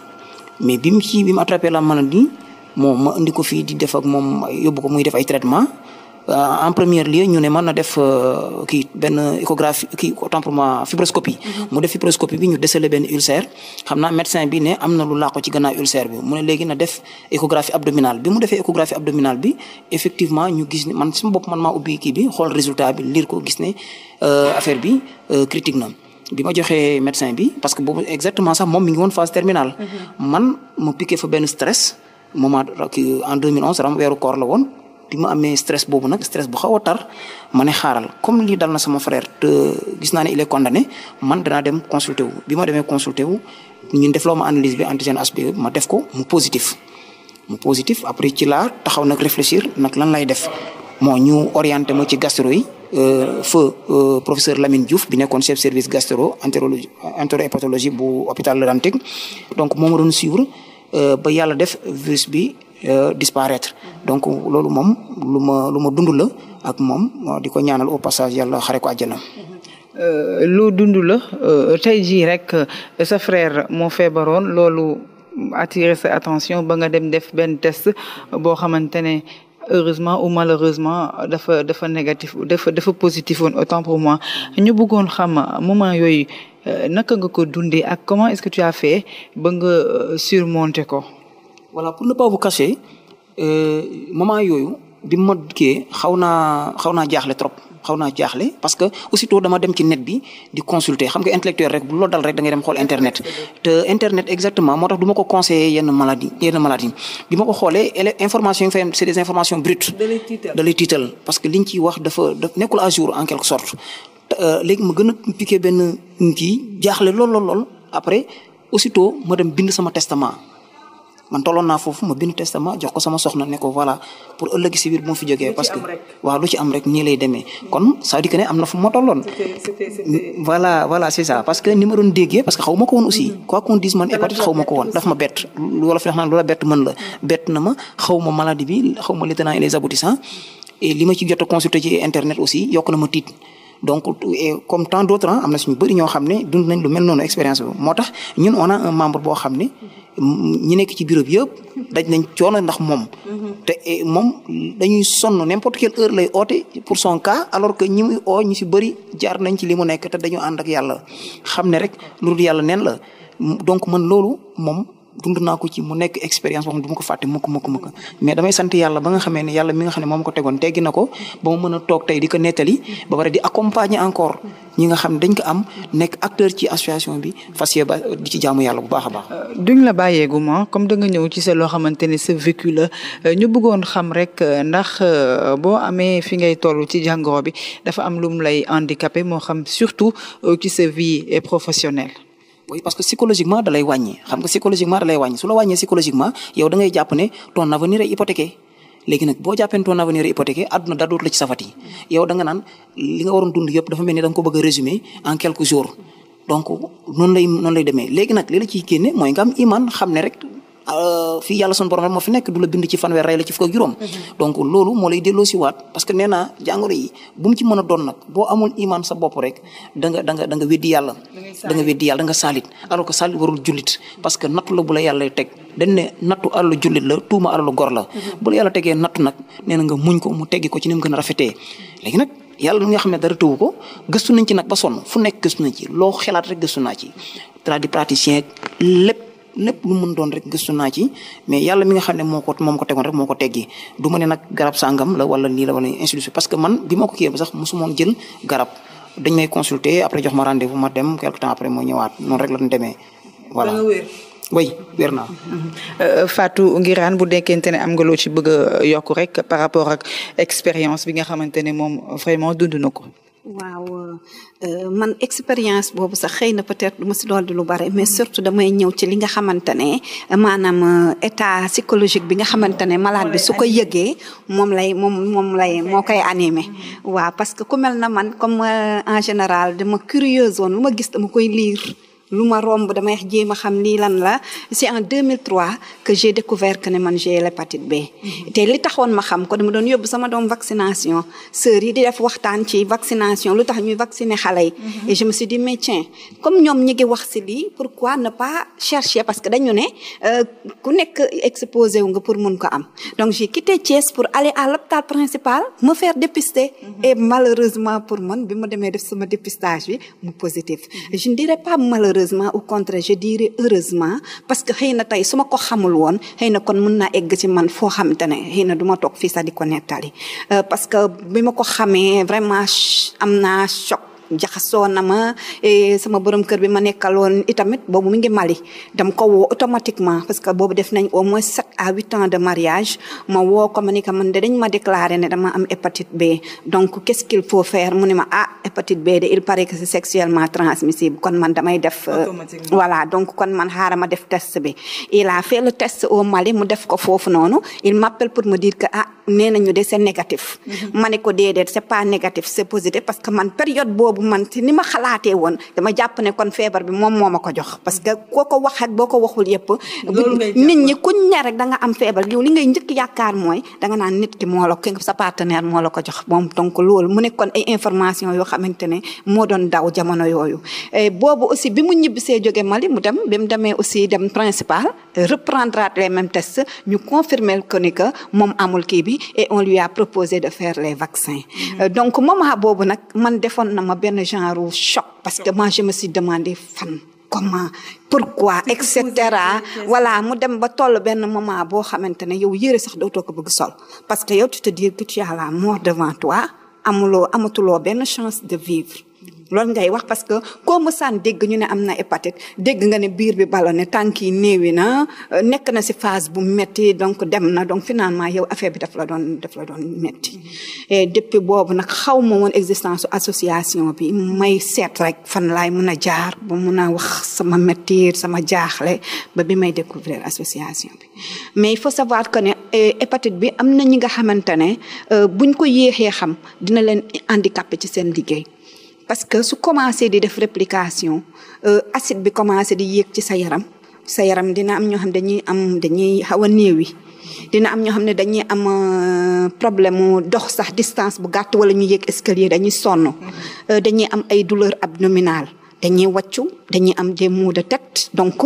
mais bi ci bi mu attrapé la maladie moom ma indi ko fii di def ak moom yóbbu ko muy def ay traitement Euh, en premier lieu ñu ne man na def euh, kii benn échographie kii autant pour moi fibroscopie. Mhm. mu def fibroscopie bi ñu déceler benn ulcère xam naa médecin bi ne am na lu laa ko ci ulcère bi mu ne léegi na def échographie abdominale bi mu defee échographie abdominale bi effectivement ñu gis ne man sama bopp man maa ubbi kii bi xool résultat bi lire ko gis ne euh, affaire bi critique na. bi ma joxee médecin bi parce que exactement sax moom mi ngi woon phase terminale. Mhm. man ma piqué fa benn stress moment en di ma amee stress boobu nag stress bu xaw tar ma ne xaaral comme lii dal na sama frère te gis naa ne il est condamné man danaa dem consulter wu bi ma demee consulter wu ñun defloo ma analyse bi antigène HB e, ma def ko mu positif. mu positif après ci laa taxaw nag réfléchir nag lan lay def moo ñu orienté ma ci gastro yi euh, feu euh, professeur Lamine Diouf bi nekkoon chef service gastro entérologie entérohépatologie bu hôpital Le Dantec donc moo ma suivre euh, ba yàlla def virus bi. Euh, disparaître donc loolu moom lu ma lu ma dund la ak moom di ko ñaanal au passage yàlla xare ko àjjana euh, lu dund la euh, tey jii rek sa frère moo feebaroon loolu attirer sa attention ba nga dem def benn test boo xamante ne heureusement ou malheureusement dafa dafa négatif dafa dafa positif woon autant pour moi ñu bëggoon xam moment yooyu naka nga ko dundee ak comment est-ce que tu as ba nga surmonter ko. voilà pour ne pas vous cacher euh, moment yooyu bi ma kii xaw naa xaw naa jaaxle trop xaw naa jaaxle parce que aussitôt dama dem ci net bi di consulter xam nga intellectuel rek bu loolu rek da ngay dem xool internet. te internet exactement moo tax duma ko conseiller yenn maladi yenn maladie bi ma ko xoolee information yi nga fay c'est des informations brutes. da lay da lay tiital parce que liñ ciy wax dafa nekkul à en quelque sorte. Euh, léegi ma gën a piqué benn kii jaaxle lool lool lool après aussitôt ma dem bind sama testament. man tolloon naa foofu ma bind testament jox ko sama soxna ne ko voilà pour ëllëg si biir bu ma fi jógee. parce que waaw lu ci am rek nii lay demee. kon cest à ne am na fu ma tolloon. voilà voilà c'est ça parce que ni ma doon parce que xaw ma ko woon aussi. Mm-hmm. quoi qu'on dise ko woon daf ma bett. wala fi nga xam loola bett mën la mm-hmm. bett na ma xaw ma maladie bi xaw ma les tenants et les aboutissants et ma ci jot a ci internet aussi yokk na ma tiit. donc tout comme tant d'autres am na suñu bëri ñoo xam ne dund nañ lu mel noonu expérience bi moo tax ñun on a un membre boo xam ne ñi nekk ci bureau yëpp dañ nañ coono ndax moom. te e, moom dañuy sonn n'importe quelle heure lay oote pour son cas alors que ñi muy oo ñu si bëri jaar nañ ci li mu nekk te dañu ànd ak yàlla xam ne rek lu yàlla neen la donc mën loolu moom. dund naa ko ci mu nekk expérience boo xam ne du ma ko fàtte mukk mukk mukk mais damay sant yàlla ba nga xamee ne yàlla mi nga xam ne moom ko tegoon teggi na ko ba mu mën a toog tey ko nettali ba pare di accompagner encore ñi nga xam ne dañ ko am nekk acteur ci association bi fas yéene ba di ci jaamu yàlla bu baax a baax. Euh, duñ la bàyyeegu comme da ñëw ci sa loo xamante ne sa vécu la euh, ñu bëggoon xam rek euh, ndax boo amee fi ngay toll ci jàngoro bi dafa am lu mu lay handicapé moo xam surtout ci sa vie professionnelle. oui parce que psychologiquement da lay wàññi xam nga psychologiquement da lay wàññi su la wàññee psychologiquement yow da ngay jàpp ton avenir est hypothéqué léegi nag boo jàppee ton avenir hypothéqué àdduna daa dootu ci safati yow da naan li nga waroon dund yëpp dafa mel ni ko bëgg a résumer en quelques jours donc noonu lay noonu lay demee léegi nag li la ciy génne mooy nga am xam ne rek Euh, fii yàlla sunu borom rek moo fi nekk du la bind ci fanweer rey la ci fukk ak juróom mhm. donc loolu moo lay delloo si waat parce que nee naa jàngoro yi bu mu ci mën a doon nag boo amul imaan sa bopp rek da nga da nga da nga weddi yàlla da nga weddi yàlla da nga saalit alors que saalit warul jullit parce que nattu la bu la yàlla teg dañ ne nattu alalu jullit la tuuma alalu gor la mhm. bu la yàlla tegee nattu nag nee na nga muñ ko mu teggi ko ci ni mu gën a rafetee léegi nag yàlla lu nga xam ne dara ko gëstu nañ ci nag ba sonn fu nekk gëstu nañ ci loo xelaat rek gëstu naa ci tradipraticien lépp lu mën doon rek gëstu naa ci mais yàlla mi nga xam ne moo ko moom ko tegoon rek moo ko teggi du ma ne nag garab sàngam la wala nii la wala ainsi de suite parce que man bi ma ko kiyee sax mosumoon jël garab dañ may consulter après jox ma rendez-vous ma dem quelque temps après moo ñëwaat noonu rek la ñu demee voilà oui wér naa. Euh, Fatou Nguirane bu dekkente ne am nga loo ci bëgg a yokk rek par rapport ak expérience bi nga xamante ne moom vraiment dund na ko. Euh, man expérience boobu sax xëy na peut-être du ma si dolli lu bare mais surtout damay ñëw ci li nga xamante ne maanaam euh, état psychologique bi nga xamante ne malade bi su ko yëgee moom lay moom moom lay moo koy animé. Mm-hmm. waaw parce que ku mel na man comme euh, en général dama curieuse woon lu ma gis dama koy liir lu ma romb damay jéem a xam lii lan la c'est en 2003 que j'ai découvert que ne man j'ai l'hépatite B. Mm-hmm. te li taxoon ma xam ko dama doon yóbbu sama doom vaccination sœurs yi di def waxtaan ci vaccination lu tax ñuy vacciner xale yi. Mm-hmm. et je me suis di mais tiens comme ñoom ñi wax si lii pourquoi ne pas chercher parce que dañu ne euh, ku nekk exposé wu nga pour mun ko am donc j'ai quitté Thiès pour aller à l'hôpital principal me faire dépister. Mm-hmm. et malheureusement pour man bi ma demee def sama dépistage bi mu parce que xëy na tey su ma ko xamul woon xëy na kon mën naa egg ci man foo xamante ne di ko nettali euh, parce que bi ma ko xamee vraiment am choc jaxasoo na ma e sama borom kër bi ma nekkaloon itamit boobu mu ngi Mali dam ko automatiquement parce que boobu def nañ au moins sept à huit ans de mariage ma woo ko ma ni ko man de dañ ma déclaré ne dama am hépatite B donc qu'est-ce qu'il faut faire mu ne ma ah hépatite B de il paraît que c'est sexuellement transmissible kon man damay def euh, voilà donc kon man xaaral ma def test bi il a test au Mali mu def ko foofu noonu il m'appelle pour me dire que ah nee nañu mm-hmm. ma ne ko boobu man ci ni ma xalaatee woon dama jàpp ne kon feebar bi moom moo ma ko jox parce que koo ko wax boo ko waxul yëpp nit ñi kuñ ne rek da nga am feebar yow li ngay njëkk yaakaar mooy da nga naan nit ki moo la ki sa partenaire moo la ko jox moom donc loolu mu nekkoon ay information yoo xamante ne moo doon daw jamono yooyu boobu aussi bi mu ñibbisee jóge Mali mu dem bi mu demee aussi dem principal reprendre les mêmes tests ñu confirmer ko ni que moom amul kii bi et on lui a proposé de fair les vaccins mm-hmm. euh, donc moment boobu benn genre choc parce que moi je me suis demandé fan comment pourquoi et cetera mu dem ba toll benn moment boo xamante ne yow yére sax dootoo ko bëgg sol parce que yow tu te dis que tu as la mort devant toi amuloo amatuloo benn chance de vivre loolu ngay wax parce que koo mësaan dégg ñu ne am na hépatite dégg nga ne biir bi ballonné tànk yi néewi na euh, nekk na si phase bu metti donc dem na donc finalement yow affaire bi daf la doon daf la doon metti et depuis boobu nag xaw ma woon existence association bi may seet rek fan laay mun a jaar ba mun a wax sama mettir sama jaaxle ba bi may découvrir association bi mais il savoir que ne euh, hépatite bi am na ñi nga xamante ne euh, buñ ko yéexee xam dina leen handicapé ci seen liggéey parce que su commencé di def réplication euh, acide bi commencé di yéeg ci sa yaram sa yaram dina am ñoo xam dañuy am dañuy xaw a néewi dina am ñoo xam ne dañuy am euh, problème mu dox sax distance bu gàtt wala ñu yéeg escalier dañuy sonn mm-hmm. euh, dañuy am ay douleur abdominale dañuy wàccu dañuy am des maux de tête donc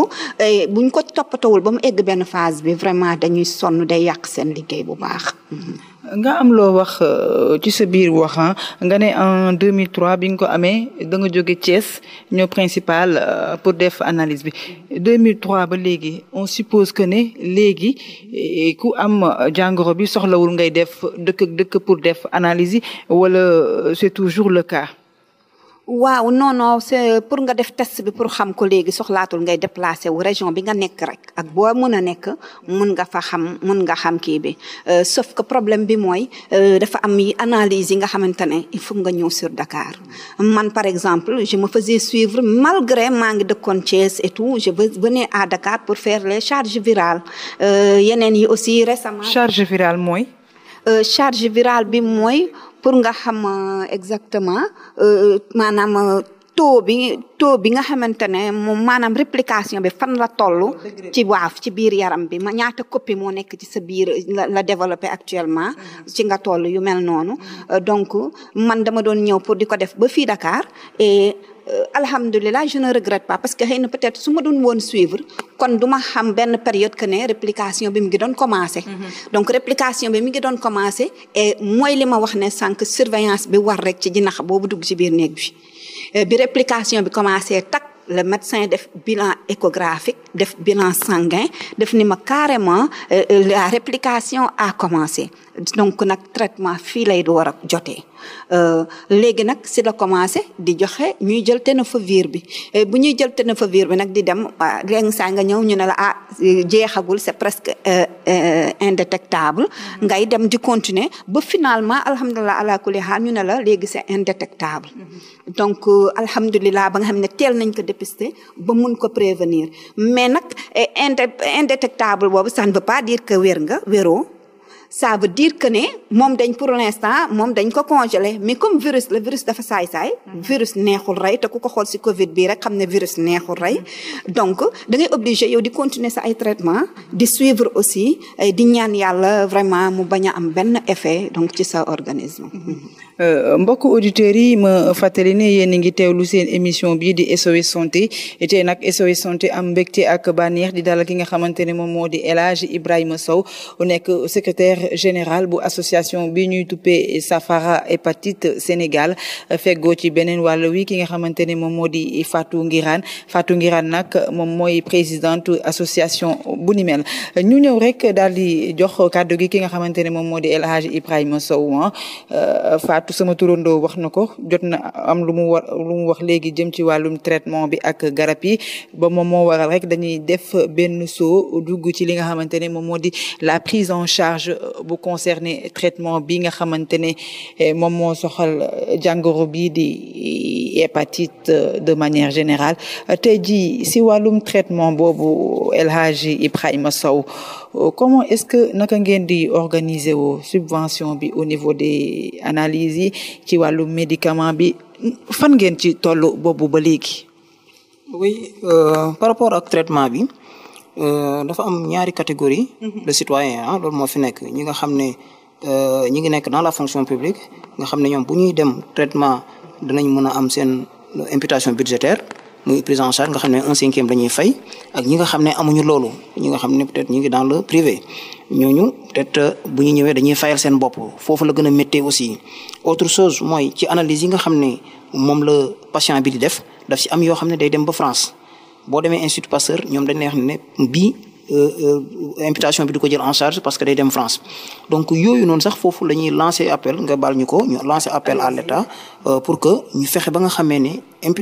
buñ ko toppatawul ba mu egg benn phase bi vraiment dañuy sonn day yàq seen liggéey bu baax. Mm-hmm. nga am loo wax euh, ci sa biir wax nga ne en 2003 bi nga ko amee da nga jóge Thiès ñoo principal euh, pour def analyse bi 2003 ba léegi on suppose que ne léegi eh, ku am jàngoro bi soxlawul ngay def dëkk dëkk pour def analyse yi wala euh, c'est toujours le cas. waaw non non c'est pour nga def test bi pour xam ko léegi soxlaatul ngay déplacé wu région bi nga nekk rek ak boo mën a nekk mën nga fa xam mun nga xam kii bi euh, sauf ko problème bi mooy euh, dafa am analyse yi nga xamante ne il faut nga ñëw sur Dakar man par exemple je me faisais suivre malgré maa ngi dëkkoon Thiès et tout je venais à Dakar pour faire les charges virales euh, yeneen yi aussi récemment. charge virale mooy. charge virale bi mooy. pour nga xam euh, exactement euh, maanaam euh, taux bi taux bi nga xamante ne moom maanaam réplication bi fan la toll. ci waaf ci biir yaram bi ma ñaata copie moo nekk ci sa biir la la développé actuellement. Mhm. ci nga toll yu mel noonu. Mhm. donc man dama doon ñëw pour di ko def ba fii Dakar et. Euh, alhamdulilah je ne regrette pas parce que xëy na peut-être su ma doon woon suivre kon du ma xam benn période que ne réplication bi mu ngi doon commencé. Mhm. donc réplication bi mu ngi doon commencé et mooy li ma wax ne sànq surveillance bi war rek ci jinax boobu dugg ci biir néeg bi euh, bi réplication bi commencé tak le médecin def bilan échographique def bilan sanguin def ni ma carrément euh, la réplication a commencé donc nag traitement fii lay door a jote Euh, léegi nag si la commencé di joxe ñuy jël tenofovir bi euh, bu ñuy jël tenofovir bi nag di dem léegi saa nga ñëw ñu ne la ah jeexagul c'est presque euh, indétectable mm-hmm. ngay dem di continuer ba finalement alhamdulilah ala kulli ñu ne la léegi c'est indétectable mm-hmm. donc alhamdulilah ba nga xam ne teel nañ ko dépister ba mun ko prévenir mais nag indétectable boobu ça ne veut pas dire que wér nga wéroo ça veut dire que ne moom dañ pour l'instant moom dañ ko congelé mais comme virus la virus dafa saay-saay mhm. virus neexul rey te ko xool si covid bii rek xam ne virus neexul rey mhm. donc da ngay obligé yow di continuer sa ay traitement di suivre aussi di ñaan yàlla vraiment mu bañ a am benn effet donc ci sa organisme mhm. Euh, mbokk auditeurs yi ma fàttali ne yéen a ngi telu seen émission bi di SOS santé tey nag SOS santé am mbégte ak bànneex di dalal ki nga xamante ne moom moo di El Hadj Ibrahima Sow nekk secretaire général bu association bi ñuy tuppee Safara hépatite Sénégal feggoo ci beneen wàll wi ki nga xamante ne moom moo di Fatou ngiran Fatou Ngirane nag moom mooy présidente association bu ni ñu ñëw rek daal di jox kàddu gi ki nga xamante ne moom moo di El Hadj Ibrahima Sow ah. euh, Fatou suma sama turandoo wax na ko jot na am lu mu war lu mu wax léegi jëm ci wàllum traitement bi ak garab yi ba moom moo waral rek dañuy def benn soo dugg ci li nga xamante ne moom moo di la prise en charge bu concerné traitement bi nga xamante ne eh, moom moo soxal eh, jàngoro bi di eh, hépatite de manière générale te ji si wàllum traitement boobu El Hadji Ibrahima Sow Euh, comme est-ce que naka ngeen di organiser woo subvention bi au niveau des analyses yi ci wàllu médicament bi fan ngeen ci toll boobu ba léegi. oui euh, par rapport ak traitement bi euh, dafa am ñaari catégorie mm -hmm. de ah loolu moo fi nekk ñi nga xam ne euh, ñi ngi nekk dans la fonction publique nga xam ne ñoom bu ñuy dem traitement danañ mën a am seen imputation budgétaire. muy prise en charge nga xam ne un cinquième la ñuy fay ak ñi nga xam ne amuñu loolu ñi nga xam ne peut-être ñu ngi dans le privé ñooñu peut-être euh, bu ñu ñëwee dañuy fayal seen bopp foofu la gën a méttee aussi. autre chose mooy ci analyse yi nga xam ne moom la patient bi di def daf si am yoo xam ne day dem ba France boo demee Institut Pasteur ñoom dañ neex wax ne bii. Euh, euh, imputation bi du ko jël en charge parce que day dem France donc yooyu noonu sax foofu la ñuy lancer appel nga baal ñu ko ñu lancer appel à euh, pour que ñu fexe ba nga xamee ne impu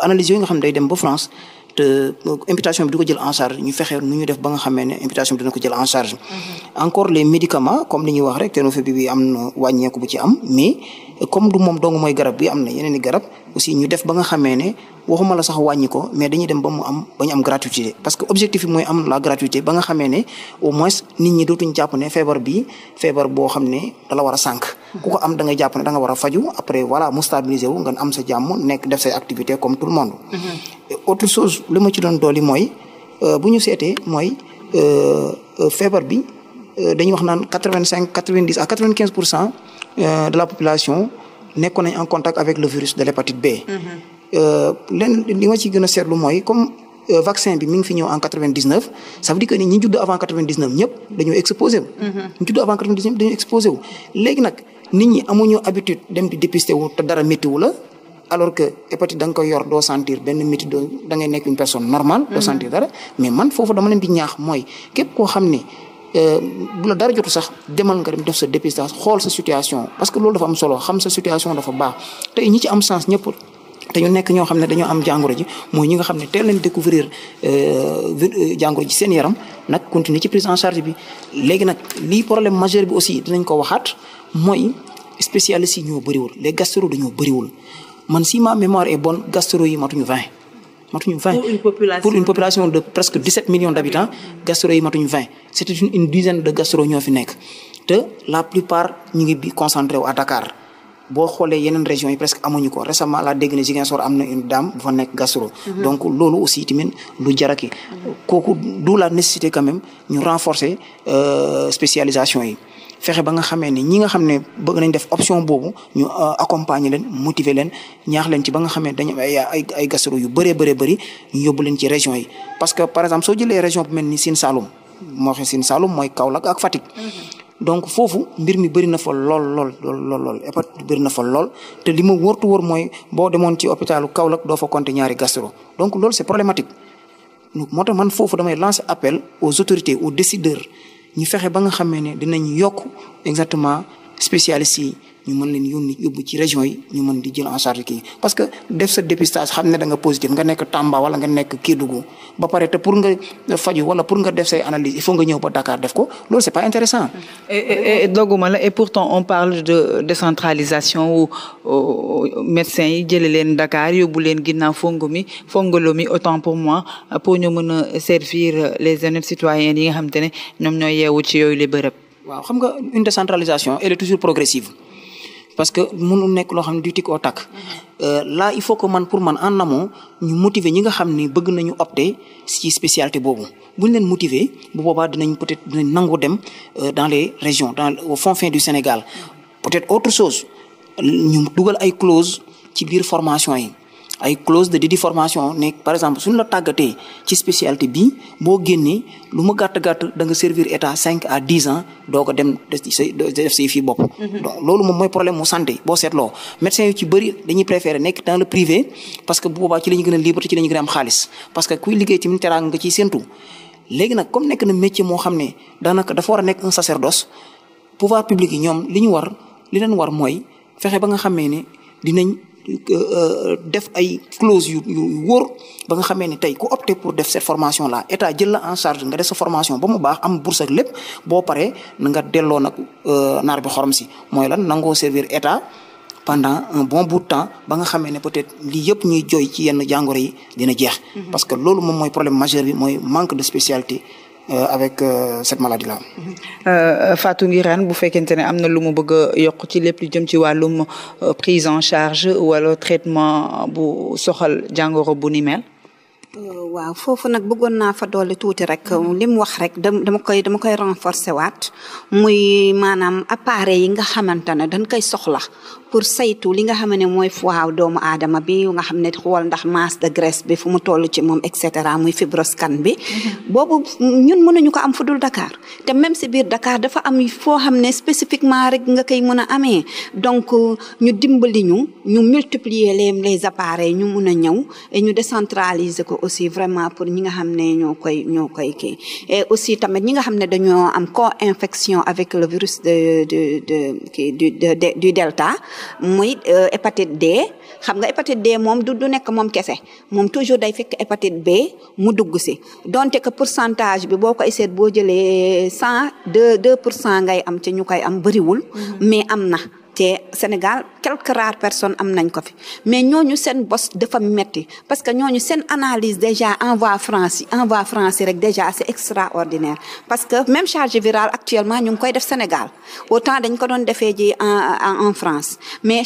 analyse yooyu xam ne dem ba France te imputation bi du ko jël en charge ñu fexe nu ñu def ba nga xamee ne imputation bi dina ko jël en charge mm-hmm. encore les médicaments comme li wax rek tenofébib bi am na wàññeeku bu ci am mais comme du moom dong mooy garab bi am na yeneen i garab aussi ñu def ba nga xamee ne waxuma la sax wàññi ko mais dañuy dem ba mu am ba ñu am gratuité parce que objectif bi mooy am la ba nga xamee ne au moins ñi dootuñ jàpp ne feebar bi feebar boo xam ne dala war a sànq ku ko am da jàpp ne da war a faju après voilà mu stabiliser wu nga am sa jàmm nekk def say activité comme tout le monde mm-hmm. autre chose li ma ci doon dooli mooy euh, bu ñu seetee mooy euh, euh, feebar bi dañuy wax naan quatre vingt cinq quatre vingt dix à quatre pour cent Euh, de la population nekkoon nañ en contact avec le virus de l'hépatite B. Mhm. Euh, lenn li ma ci gën a seetlu mooy comme euh, vaccin bi mu ngi fi ñëw en quatre vingt dix neuf ça veut dire que ni ñi judd avant quatre dix neuf dañoo exposé wu. Mhm. ñi nag nit ñi amuñu habitude dem di dépister te dara métti la. alors que hépatite da nga koy yor doo sentir benn métti doo da ngay nekk une personne normale. doo mhm. sentir dara mais man foofu dama leen di ñaax mooy képp koo xam ne Euh, bu la dara jotu sax demal nga dem def sa dépistage xool sa situation parce que loolu dafa am solo xam sa situation dafa baax te ñi ci am chance ñëpp te ñu nekk ñoo xam ne dañoo am jàngoro ji mooy ñi nga xam ne teel nañ découvrir euh, euh, jàngoro ji seen yaram nag continuer ci prise en charge bi léegi nag lii problème majeur bi aussi dinañ ko waxaat mooy spécialistes yi ñoo bëriwul les gastro dañoo bëriwul man si ma mémoire est bon gastro yi matuñu vingt matuñu 20 pour une population pour une population de presque 17 millions d' habitants gastro yi matuñu 20 c' est une dizaine de gastro ñoo fi nekk te la plupart ñu ngi bi concentré wu à Dakar boo xoolee yeneen régions yi presque amuñu ko récemment laa dégg ne Ziguinchor am na une dame bu fa nekk gastro. Mm-hmm. donc loolu aussi tamit lu jaraki mm-hmm. kooku du la nécessité quand même ñu renforcer euh, spécialisation yi. fexe ba nga xamee ne ñi nga xam ne bëgg nañ def option boobu ñu euh, accompagner leen motiver leen ñaax leen ci ba nga xamee dañu ay ay ay yu bëree bëree bëri ñu yóbbu leen ci région yi parce que par exemple soo jëlee région bu mel ni Sine Saloum moo waxee Sine Saloum mooy Kaolack ak Fatick mm-hmm. donc foofu mbir mi bëri na fa lool lool lool lool lool bëri na fa lool te li ma wërtu wër mooy boo demoon ci hôpitalu Kaolack doo fa compter ñaari gastro donc loolu c'est problématique moo tax man foofu damay lancer appel aux autorités aux décideurs ñu fexe ba nga xamee ne dinañ yokk exactement spécialistes yi ñu mën leen yónni yóbbu ci région yi ñu mën di jël en charge kii parce que def sa dépistage xam ne da nga positif nga nekk Tamba wala nga nekk Kédougou ba pare te pour nga faju wala pour nga def say analyse il faut nga ñëw ba Dakar def ko loolu c'est pas intéressant. doguma la et pourtant on parle de décentralisation wu médecins yi jëlee leen Dakar yóbbu leen ginna fongo mi fongolo mi autant pour moi pour ñu mën a servir les jeunes citoyens yi nga xamante ne ñoom ñooy yeewu ci yooyu la bërëb. waaw xam nga une décentralisation elle est toujours progressive. parce que mënul nekk loo xam ne du tic au tac euh, là il faut que man pour man en amont ñu motiver ñi nga xam ni bëgg nañu opter ci spécialité boobu bu ñu leen motiver bu boobaa dinañ peut-être dinañ nangu dem euh, dans les régions dans au fond fin du Sénégal peut-être autre chose ñu dugal ay clause ci biir formation yi. ay clause de déformation ne par exemple suñu la tàggatee ci spécialité bi boo génnee lu mu gàtt gàtt da nga servir état cinq à dix ans doo dem def say fii bopp. Mhm. loolu moom mooy problème mu santé boo seetloo. médecins yu ci bëri dañuy préférer nekk dans privé parce que bu ci la ñu gën a libre ci la ñu gën xaalis parce que kuy liggéey tamit teraanga nga ciy séntu léegi nag comme nekk na métier moo xam ne daanaka dafa war a nekk un sacerdoce yi ñoom li ñu war li leen war mooy fexe ba nga Euh, def ay clause yu yu wóor ba nga xamee ni tey ku opté pour def cette formation la état jël la en charge nga def sa formation ba mu baax am bourse ak lépp boo paree nga delloo nag euh, naar bi xorom si mooy lan nangoo servir état pendant un bon bout de temps ba nga xamee ne peut-être lii yëpp ñuy jooy ci yenn jàngoro yi dina jeex. Mhm. parce que loolu moom mooy problème majeur bi mooy manque de spécialité. Euh, avec euh, cette maladie là. Euh, Fatou Nguirane bu fekkente ne am na lu mu bëgg a yokk ci lépp lu jëm ci wàllum prise en charge wala traitement bu soxal jàngoro bu ni mel. waaw foofu nag bëggoon naa fa doole tuuti rek mm-hmm. li mu wax rek dama koy dama koy renforcer waat muy maanaam appareil yi nga xamante ne dañ koy soxla pour saytu li nga xam ne mooy foie doomu aadama bi nga xam ne xool ndax masse de graisse bi fu mu toll ci moom et cetera muy fibrose kan bi. Mm-hmm. boobu ñun mënuñu ko am fu dul Dakar te même si biir Dakar dafa am foo xam ne spécifiquement rek nga koy mën a amee donc ñu dimbali ñu ñu multiplier les les appareils ñu mun a ñëw et ñu décentraliser ko aussi vraiment pour ñi nga xam ne ñoo koy ñoo koy kii et aussi tamit ñi nga xam ne dañoo am co-infection avec le virus de de de du du delta. muy euh, hépatite D xam nga hépatite D moom du du nekk moom kese moom toujours day fekk hépatite B mu dugg si donte que pourcentage bi boo koy seet boo jëlee cent deux deux pour cent ngay am ci ñu koy am bëriwul mm-hmm. mais am na te Sénégal quelques rares personnes am nañ ko fi mais ñooñu seen bos dafa metti parce que ñooñu seen analyse déjà envoi France yi envoi France yi rek déjà c'est extraordinaire parce que même charge virale actuellement ñu ngi koy def Sénégal autant dañ ko doon defee ji en en France mais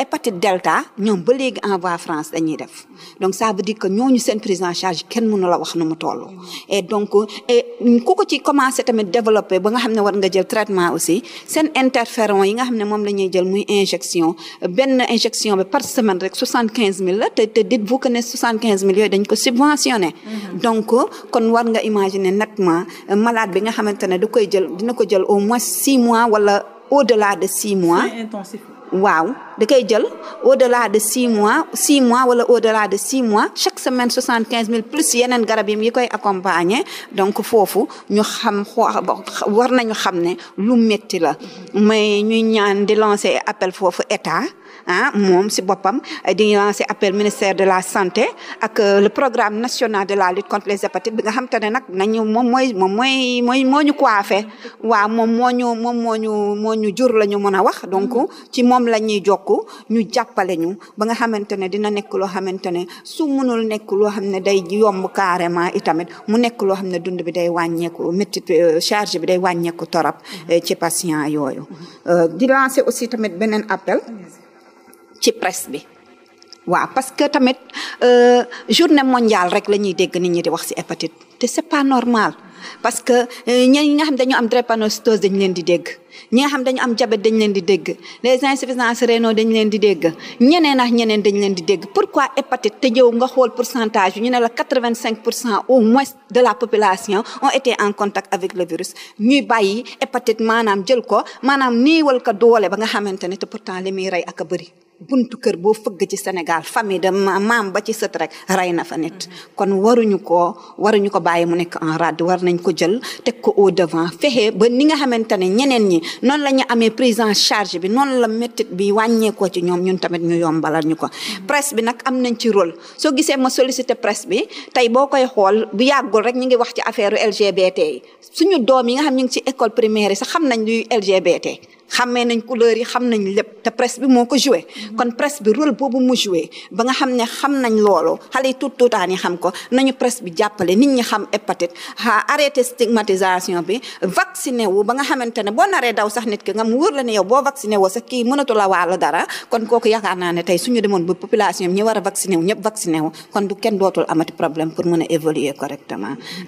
hépatite delta ñoom ba léegi envoi France dañuy def donc ça veut dire que ñooñu seen prise en charge kenn mënu la wax nu mu toll et donc et ku ko ci commencé tamit développer ba nga xam ne war nga jël traitement aussi seen interféron yi nga xam ne la ñuy jël muy injection benn injection bi par semaine rek soixante quinze mille la te te dites-vous que ne soixante quinze mille yooyu dañ ko subventionné. Mm-hmm. donc kon war nga imaginer nettement euh, malade bi nga xamante ne da koy jël dina ko jël au moins six mois wala au la de six mois. waaw da koy jël au delà de six mois six mois wala au delà de six mois chaque semaine soixante quinze mille plus yeneen garab yi koy accompagner donc foofu ñu xam war nañu xam ne lu métti la mais ñuy ñaan di lancer appel foofu état. ah moom si boppam di lancé appel ministère de la santé ak euh, le programme national de la lutte contre les hépatites bi nga xam te nag moom mooy moom mooy mooy moo ñu coiffé waaw moom moo ñu moom moo ñu moo ñu jur la ñu mën a wax donc mm-hmm. ci moom la ñuy jokku ñu jàppale ñu ba nga xamante ne dina nekk loo xamante ne su mënul nekk loo xam ne day yomb carrément itamit mu nekk loo xam ne dund bi day wàññeeku métti euh, charge bi day wàññeeku torop mm-hmm. euh, ci patient yooyu di lancer aussi tamit beneen appel ci presse bi waaw parce que tamit euh, journée mondiale rek la ñuy dégg ni ñi di wax ci hépatite te c'est pas normal parce que euh, ñi nga dañu am drépanocytose dañu leen di dégg ñi nga xam dañu am jabet dañ leen di dégg les insuffisances rénaux dañu leen di dégg ñeneen ak ñeneen dañ leen di dégg pourquoi hépatite te yow nga xool pourcentage bi ñu ne la quatre-vingt-cinq pour cent au mois de la population ont été en contact avec le virus ñuy bàyyi hépatite maanaam jël ko maanaam niiwal ko doole ba nga xamante ne te pourtant li muy rey ak bëri buntu kër boo fëgg ci Sénégal famille de maam ba ci sët rek rey na fa nit. kon waruñu ko waruñu ko bàyyi mu nekk en rade war nañ ko jël teg ko au devant fexe ba ni nga xamante ne ñeneen ñi noonu la ñu amee prise en charge bi noonu la métit bi wàññeekoo ci ñoom ñun tamit ñu yombalal ñu ko. presse bi nag am nañ ci rôle soo gisee ma sollicité presse bi tey boo koy xool bu yàggul rek ñu ngi wax ci affaire LGBT suñu doom yi nga xam ñu ngi ci école primaire yi sax xam nañ luy LGBT. xammee nañ couleur yi xam nañ lépp te presse bi moo ko joué kon presse bi rôle boobu mu joué ba nga xam ne xam nañ loolu xale yi tuut tuutaan yi xam ko nañu presse bi jàppale nit ñi xam hépatite arrêté stigmatisation bi vacciné wu ba nga xamante ne boo naree daw sax nit ki nga mu wóor la ne yow boo vacciné woo sax kii mënatu la wàllu dara kon kooku yaakaar naa ne tey suñu demoon ba population bi ñi war a vacciné wu ñëpp vacciné wu kon du kenn dootul amati problème pour mën a évoluer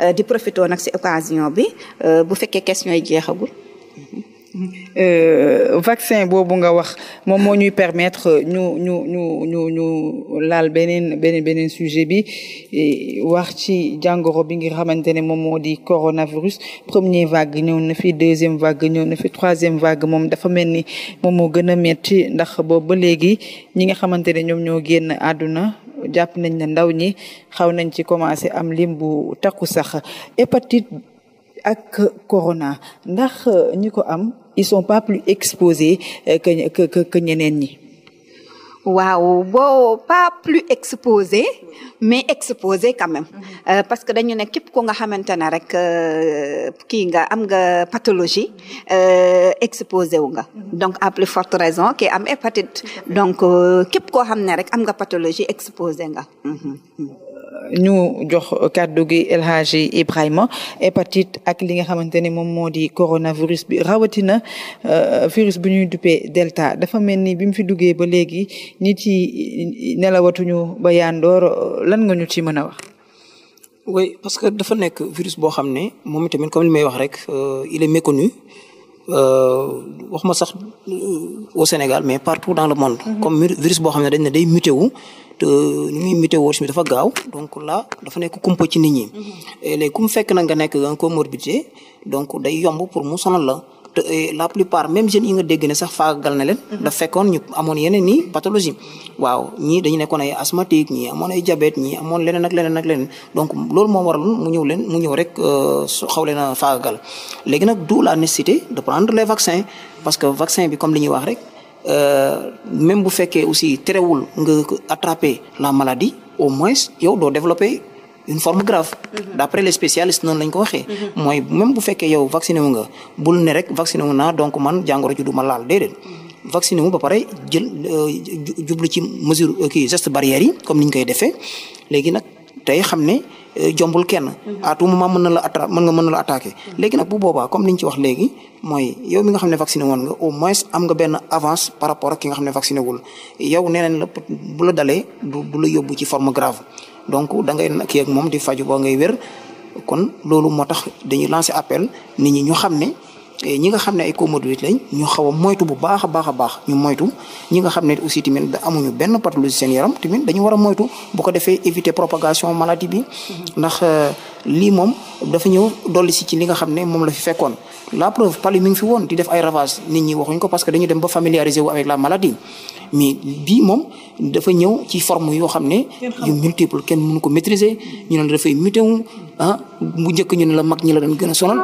euh, di profité nag si occasion bi euh, bu fekkee question yi jeexagul Euh, vaccin boobu nga wax moom moo ñuy permettre ñu ñu ñu ñu ñu laal beneen beneen beneen sujet bi wax ci jàngoro bi nga xamante ne moom moo di coronavirus premier vague ñëw na fi deuxième vague ñëw na fi troisième vague moom dafa mel ni moom moo gën a metti ndax boobu ba léegi ñi nga xamante ne ñoom ñoo génn àdduna jàpp nañ ne ndaw ñi xaw nañ ci commencé am lim bu takku sax hépatite ak corona ndax euh, ñi ko am ils sont pas plus exposés euh, que que que que ñeneen ñi. waaw boo pas plus exposé mais exposé quand mm-hmm. euh, parce que dañu ne képp ku nga xamante ne rek kii nga am nga pathologie euh, exposé wu nga mm-hmm. donc à plus forte raison ki am hépatite donc képp koo xam ne rek am nga pathologie exposé nga. Mm-hmm. ñu jox kàddu gi El Hadji Ibrahima hépatite ak li nga xamante ne moom moo di coronavirus bi rawatina euh, virus bu ñuy duppee delta dafa mel ni bi mu fi duggee ba léegi nit yi nelawatuñu ba yaandoor lan nga ñu ci mën a wax. oui parce que dafa nekk virus boo xam ne moom tamit comme li may wax rek euh, il est méconnu. Euh, wax ma sax au Sénégal mais partout dans le monde. Mm -hmm. comme virus boo xam ne dañ ne day muté te ni muy météo bi dafa gaaw donc la dafa nekk kumpa ci nit ñi. Mhm. léegi ku mu fekk na nga nekk nga comorbidité donc day yomb pour mu sonal la. la plupart même jeunes yi nga dégg ne sax faagal na leen. Mhm. da fekkoon ñu amoon yeneen nii pathologie. waaw ñii dañu nekkoon ay asthmatique ñii amoon ay diabète ñii amoon leneen ak leneen ak leneen donc loolu moom waraloon mu ñëw leen mu ñëw rek euh, xaw leen a faagal léegi nag du la nécessité de prendre les vaccins parce que vaccin bi comme li ñuy wax rek. Euh, même bu fekkee aussi terewul nga attraper la maladie au moins yow doo développer une forme grave. Mhm. d'après les spécialistes noon lañ ko waxee. Mhm. mooy même bu fekkee yow vacciné wu nga bul ne rek vacciné wu naa donc man jàngoro ju du ma laal déedéet. Mhm. vacciné wu ba pare jël euh, jublu ci mesure euh, kii geste barrière yi comme niñ ñu koy defee léegi nag. tey xam ne eh, jombul kenn. Mhm. à tout moment mën na la atta mën nga mën na la attaqué. léegi nag bu boobaa comme ni ñu ci wax léegi mooy yow mi nga xam ne vacciné woon nga au moins am nga benn avance par rapport a ki nga xam ne vacciné wul yow nee nañ la bu la dalee du du la yóbbu ci forme grave donc da ngay kii ak moom di faju boo ngay wér kon loolu moo tax dañuy lancer appel nit ñi ñu xam ne. Eh, ñi nga xam ne ay comorbidité lañ ñu xaw a moytu bu baax a baax a baax ñu moytu ñi nga xam ne aussi tamit amuñu benn pathologie seen am tamit dañu war a moytu bu ko defee éviter propagation maladie bi mhm. ndax euh, lii moom dafa ñëw dolli si ci li nga xam ne moom la fi fekkoon la preuve palu mi ngi fi woon di def ay ravage nit ñi waxuñ ko parce que dañu dem ba familiariser wu avec la maladie mais bii moom dafa ñëw ci forme yoo xam ne yu multiple kenn mënu ko maîtriser ñu ne la dafay mutéwu ah bu njëkk ñu ne la mag ñi la doon gën a sonal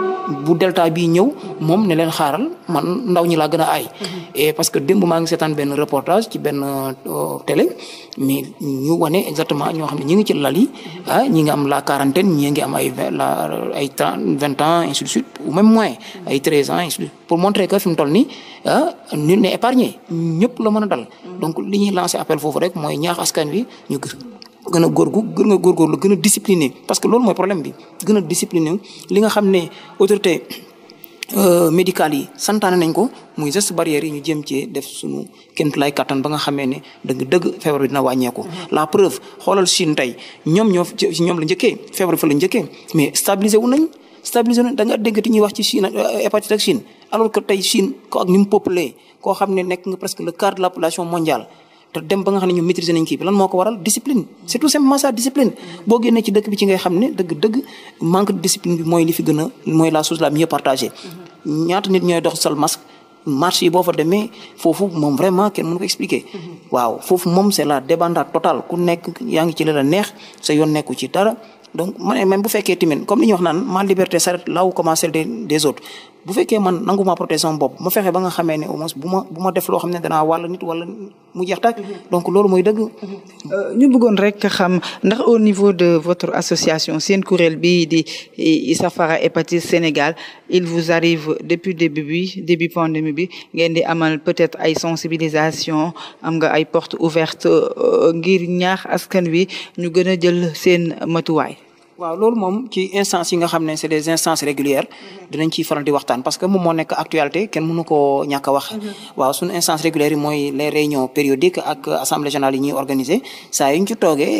bu delta bii ñëw moom ne leen xaaral man ndaw ñi laa gën a aay mhm. et parce que démb maa ngi seetaan benn reportage ci benn euh, télé mais ñu wane exactement ñoo xam ne ñi ngi ci lal yi ah ñi ngi am la quarantaine ñi ngi am ay la ay trente vingt ans ainsi de moins ay treize ans pour montrer que fi tol toll nii ah nul n'est ñëpp la mën a dal mhm. donc li ñuy lancer appel foofu rek mooy ñaax askan wi ñu gën gën a góorgu gën a góorgóorlu gën a discipliné parce que loolu mooy problème bi gën a discipliné li nga xam ne autorité euh, médicale yi santaane nañ ko muy geste barrière yi ñu jéem cee def suñu kémt lay kattan ba nga xamee ne dëgg dëgg feebar bi dina wàññeeku mm-hmm. la preuve xoolal Chine tey ñoom ñoo ci ñoom la njëkkee feebar bi fa la njëkkee mais stabilisé wu nañ stabilisé wu nañ da nga déggati wax ci Chine euh, hépatite ak Chine alors que tey Chine ko ak ni koo xam ne nekk nga presque le quart la population mondiale te dem ba nga xam ne ñu maîtriser nañ kii bi lan moo ko waral discipline c'est tout simplement ça discipline boo génnee ci dëkk bi ci ngay xam ne dëgg dëgg manque a bu fekkee tamit comme li ñuy wax naan ma liberté s'arrête là où des autres bu fekkee man nangu ma protection bopp ma fexe ba nga xamee ne au moins bu ma bu def loo xam ne danaa wàll nit wala mu jeex tàkk donc loolu mooy dëgg. Euh, ñu bëggoon rek xam ndax au niveau de votre association seen kuréel bi di Saafara Hépatite Sénégal il vous arrive depuis début bi début pandémie bi ngeen di amal peut-être ay sensibilisation am nga ay portes ouvertes euh, ngir ñaax askan wi ñu gën a jël seen matuwaay. waaw loolu moom ci instances yi nga xam ne c'est des instances régulières mhm. dinañ ciy faral di waxtaan parce que moom moo nekk actualité kenn mënu koo ñàkk a wax mhm. waaw suñu instance régulière yi mooy les réunions périodiques ak assemblée générale yi ñuy organiser saa yu ñu toogee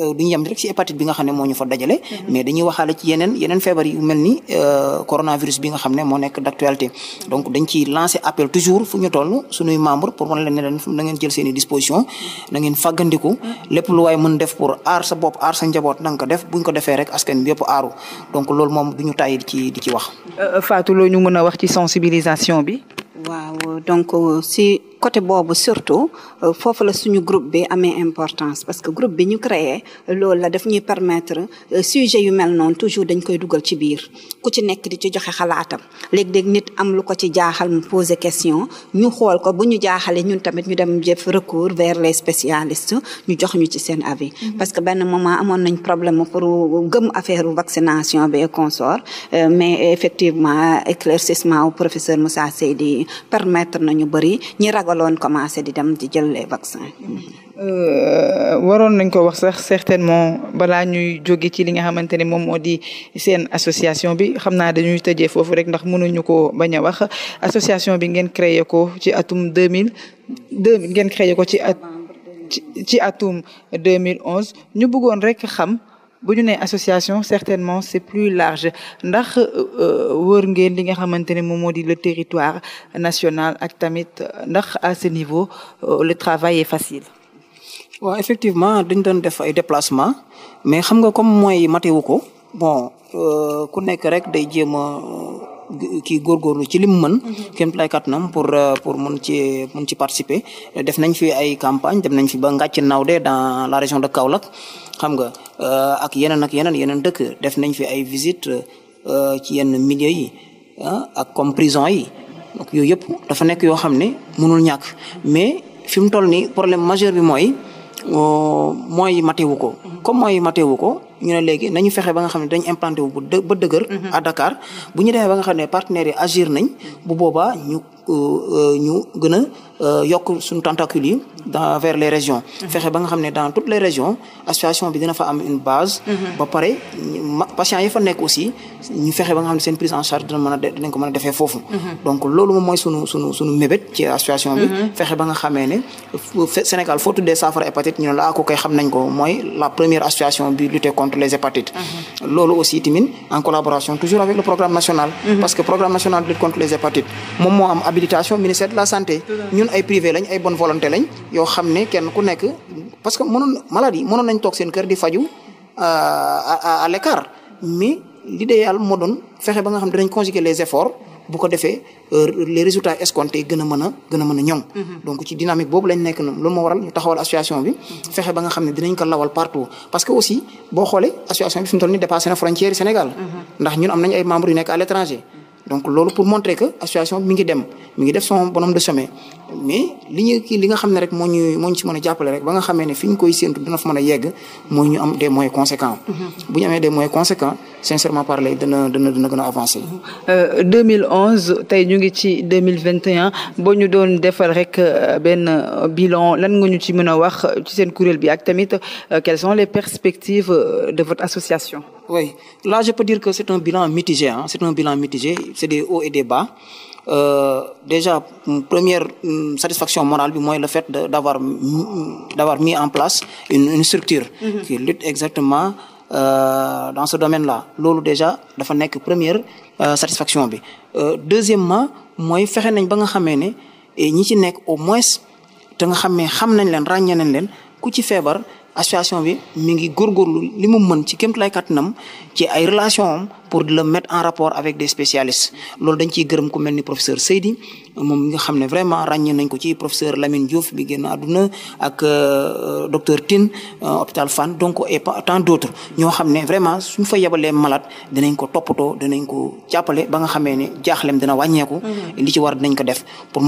euh, duñu yem rek ci hépatite bi nga xam ne moo ñu fa dajale mhm. mais dañuy waxaale ci yeneen yeneen feebar yu mel ni euh, coronavirus bi nga xam ne moo nekk d'actualité donc dañ ciy lancer appel toujours fu ñu suñuy membre pour wan leen ngeen jël seen i disposition na ngeen fàggandiku lépp lu pour aar sa bopp aar sa ko def defee rek askan bi yëpp aaru donc loolu moom du ñu tàyyi di ci di wax. Euh, Fatou loo ñu mën a wax ci sensibilisation bi. waaw donc euh, si coté boobu surtout euh, foofu la suñu groupe bi amee importance parce que groupe bi ñu créé loolu la daf ñuy permettre euh, sujet yu mel noon toujours dañ koy dugal ci biir ku ci nekk di ci joxe xalaatam léeg-léeg nit am lu ko ci jaaxal mu poser question ñu xool ko bu ñu jaaxalee ñun tamit ñu dem def recours vers les spécialistes ñu jox ñu ci seen avis. Mhm. parce que benn moment amoon nañ problème pour gëm affaire vaccination bee et consort euh, mais effectivement éclaircissement au professeur Moussa Seydi permettre nañu bëri ñi ragal waloon commencé di dem di jël les vaccins. Euh, waroon nañ ko wax sax certainement balaa ñuy jóge ci li nga xamante ne moom moo di seen association bi xam naa dañuy tëjee foofu rek ndax mënuñu ko bañ a wax association bi ngeen créé ko ci atum deux mille deux ngeen créé ko ci at ci atum deux mille onze ñu bëggoon rek xam. bu ñu nee association certainement c'est plus large ndax euh, euh, wër ngeen li nga xamante ne moom moo di le territoire national ak tamit ndax à ce niveau euh, le travail est facile. effectivement dañ doon def ay déplacement mais xam nga comme mooy matewu ko bon ku nekk rek day jéem a kii góorgóorlu ci lim mën mhm. kéem lay kattanam pour euh, pour mun ci mun ci participer def nañ fi ay campagne dem nañ fi ba ngàcc nawde dans la région de Kaolack xam nga euh, ak yeneen ak yeneen yeneen dëkk def nañ fi ay visite euh, ci yenn milieu yi ah, ak comme prison yi donc yooyu yëpp dafa nekk yoo xam ne mënul ñàkk mais fi mu toll nii problème majeur bi mooy mooy matewu ko mhm. comme mooy matewu ko ñu ne léegi nañu fexe ba nga xam ne dañ implanté wu ba dëgër mhm. à Dakar bu ñu demee ba nga xam ne partenaires yi agir nañ bu boobaa ñu euh, euh, ñu gën a euh, yokk suñu tentacules yi dans vers les régions mhm. fexe ba nga xam ne dan toutes les région association bi dina fa am une base mhm. ba pare yi fa nekk aussi ñu fexe ba nga xam ne seen a dinañ a defee foofu donc loolu moom mooy sunu sunu suñu mébét ci association bi fexe ba ne Sénégal foo tuddee saafara hépatite ñu ne la ko ah, koy xam nañ ko mooy la première association bi lutter contre contre les hépatites. loolu aussi tamit en collaboration toujours avec le programme national. Mhm. parce que programme national de lutte contre les hépatites moom am habilitation ministère de la santé. ñun ay privé lañ ay bonne volonté lañ yoo xam ne kenn ku nekk parce que mënoon maladie mënoon nañ toog seen kër di faju euh, à à l'écart mais l'idéal moo doon fexe ba nga xam dinañ conjuguer les efforts. bu ko defee euh, les résultats escomptés gën a mën a gën mm-hmm. donc ci dynamique boobu lañ nekk noonu loolu waral ñu taxawal association bi mm-hmm. fexe ba nga xam ne dinañ ko lawal partout parce que aussi boo xoolee association bi fi mu toll dépassé na frontière Sénégal mm-hmm. ndax ñun am nañu ay membres yu nekk à l'étranger donc loolu pour montrer que association mi ngi dem mi ngi def son bonhomme de chemin mais li ñu li nga xam ne rek moo ñu ci mën a jàppale rek sincèrement parler dana dana dana gën a avancé. 2011 euh, tey ñu ngi ci 2021 boo ñu doon defar rek euh, benn euh, bilon lan nga ñu ci mën a wax ci seen kuréel bi ak tamit quelles sont les perspectives de votre association. oui là je peux dire que c'est un bilan mitigé ah c'est un bilan mitigé c'est des hauts et des bas. Euh, déjà première euh, satisfaction morale bi mooy le fait de d'avoir d'avoir mis en place une, structure mm-hmm. qui lutte exactement Euh, dans ce domaine la loolu déjà dafa nekk première euh, satisfaction bi euh, deuxièmement mooy fexe nañ ba nga xamee ne eh, ñi ci nekk au moins te nga xam ne xam nañ leen ràññee nañ leen ku ci feebar association bi mi ngi góorgóorlu li mu mën ci kéemtulaay kattanam ci ay relation pour de la mettre en rapport avec des spécialistes loolu dañ ciy gërëm ku mel ni professeur Seydi moom mi nga xam ne vraiment ràññee nañ ko ci professeur Lamine Diouf bi a àdduna ak euh, docteur tin euh, hôpital Fann donc et tant d' autres ñoo xam ne vraiment suñ fa yebalee malade dinañ ko toppatoo dinañ ko jàppale ba nga xamee ne jaaxlem dina wàññeeku. Mm-hmm. li ci war dinañ ko def pour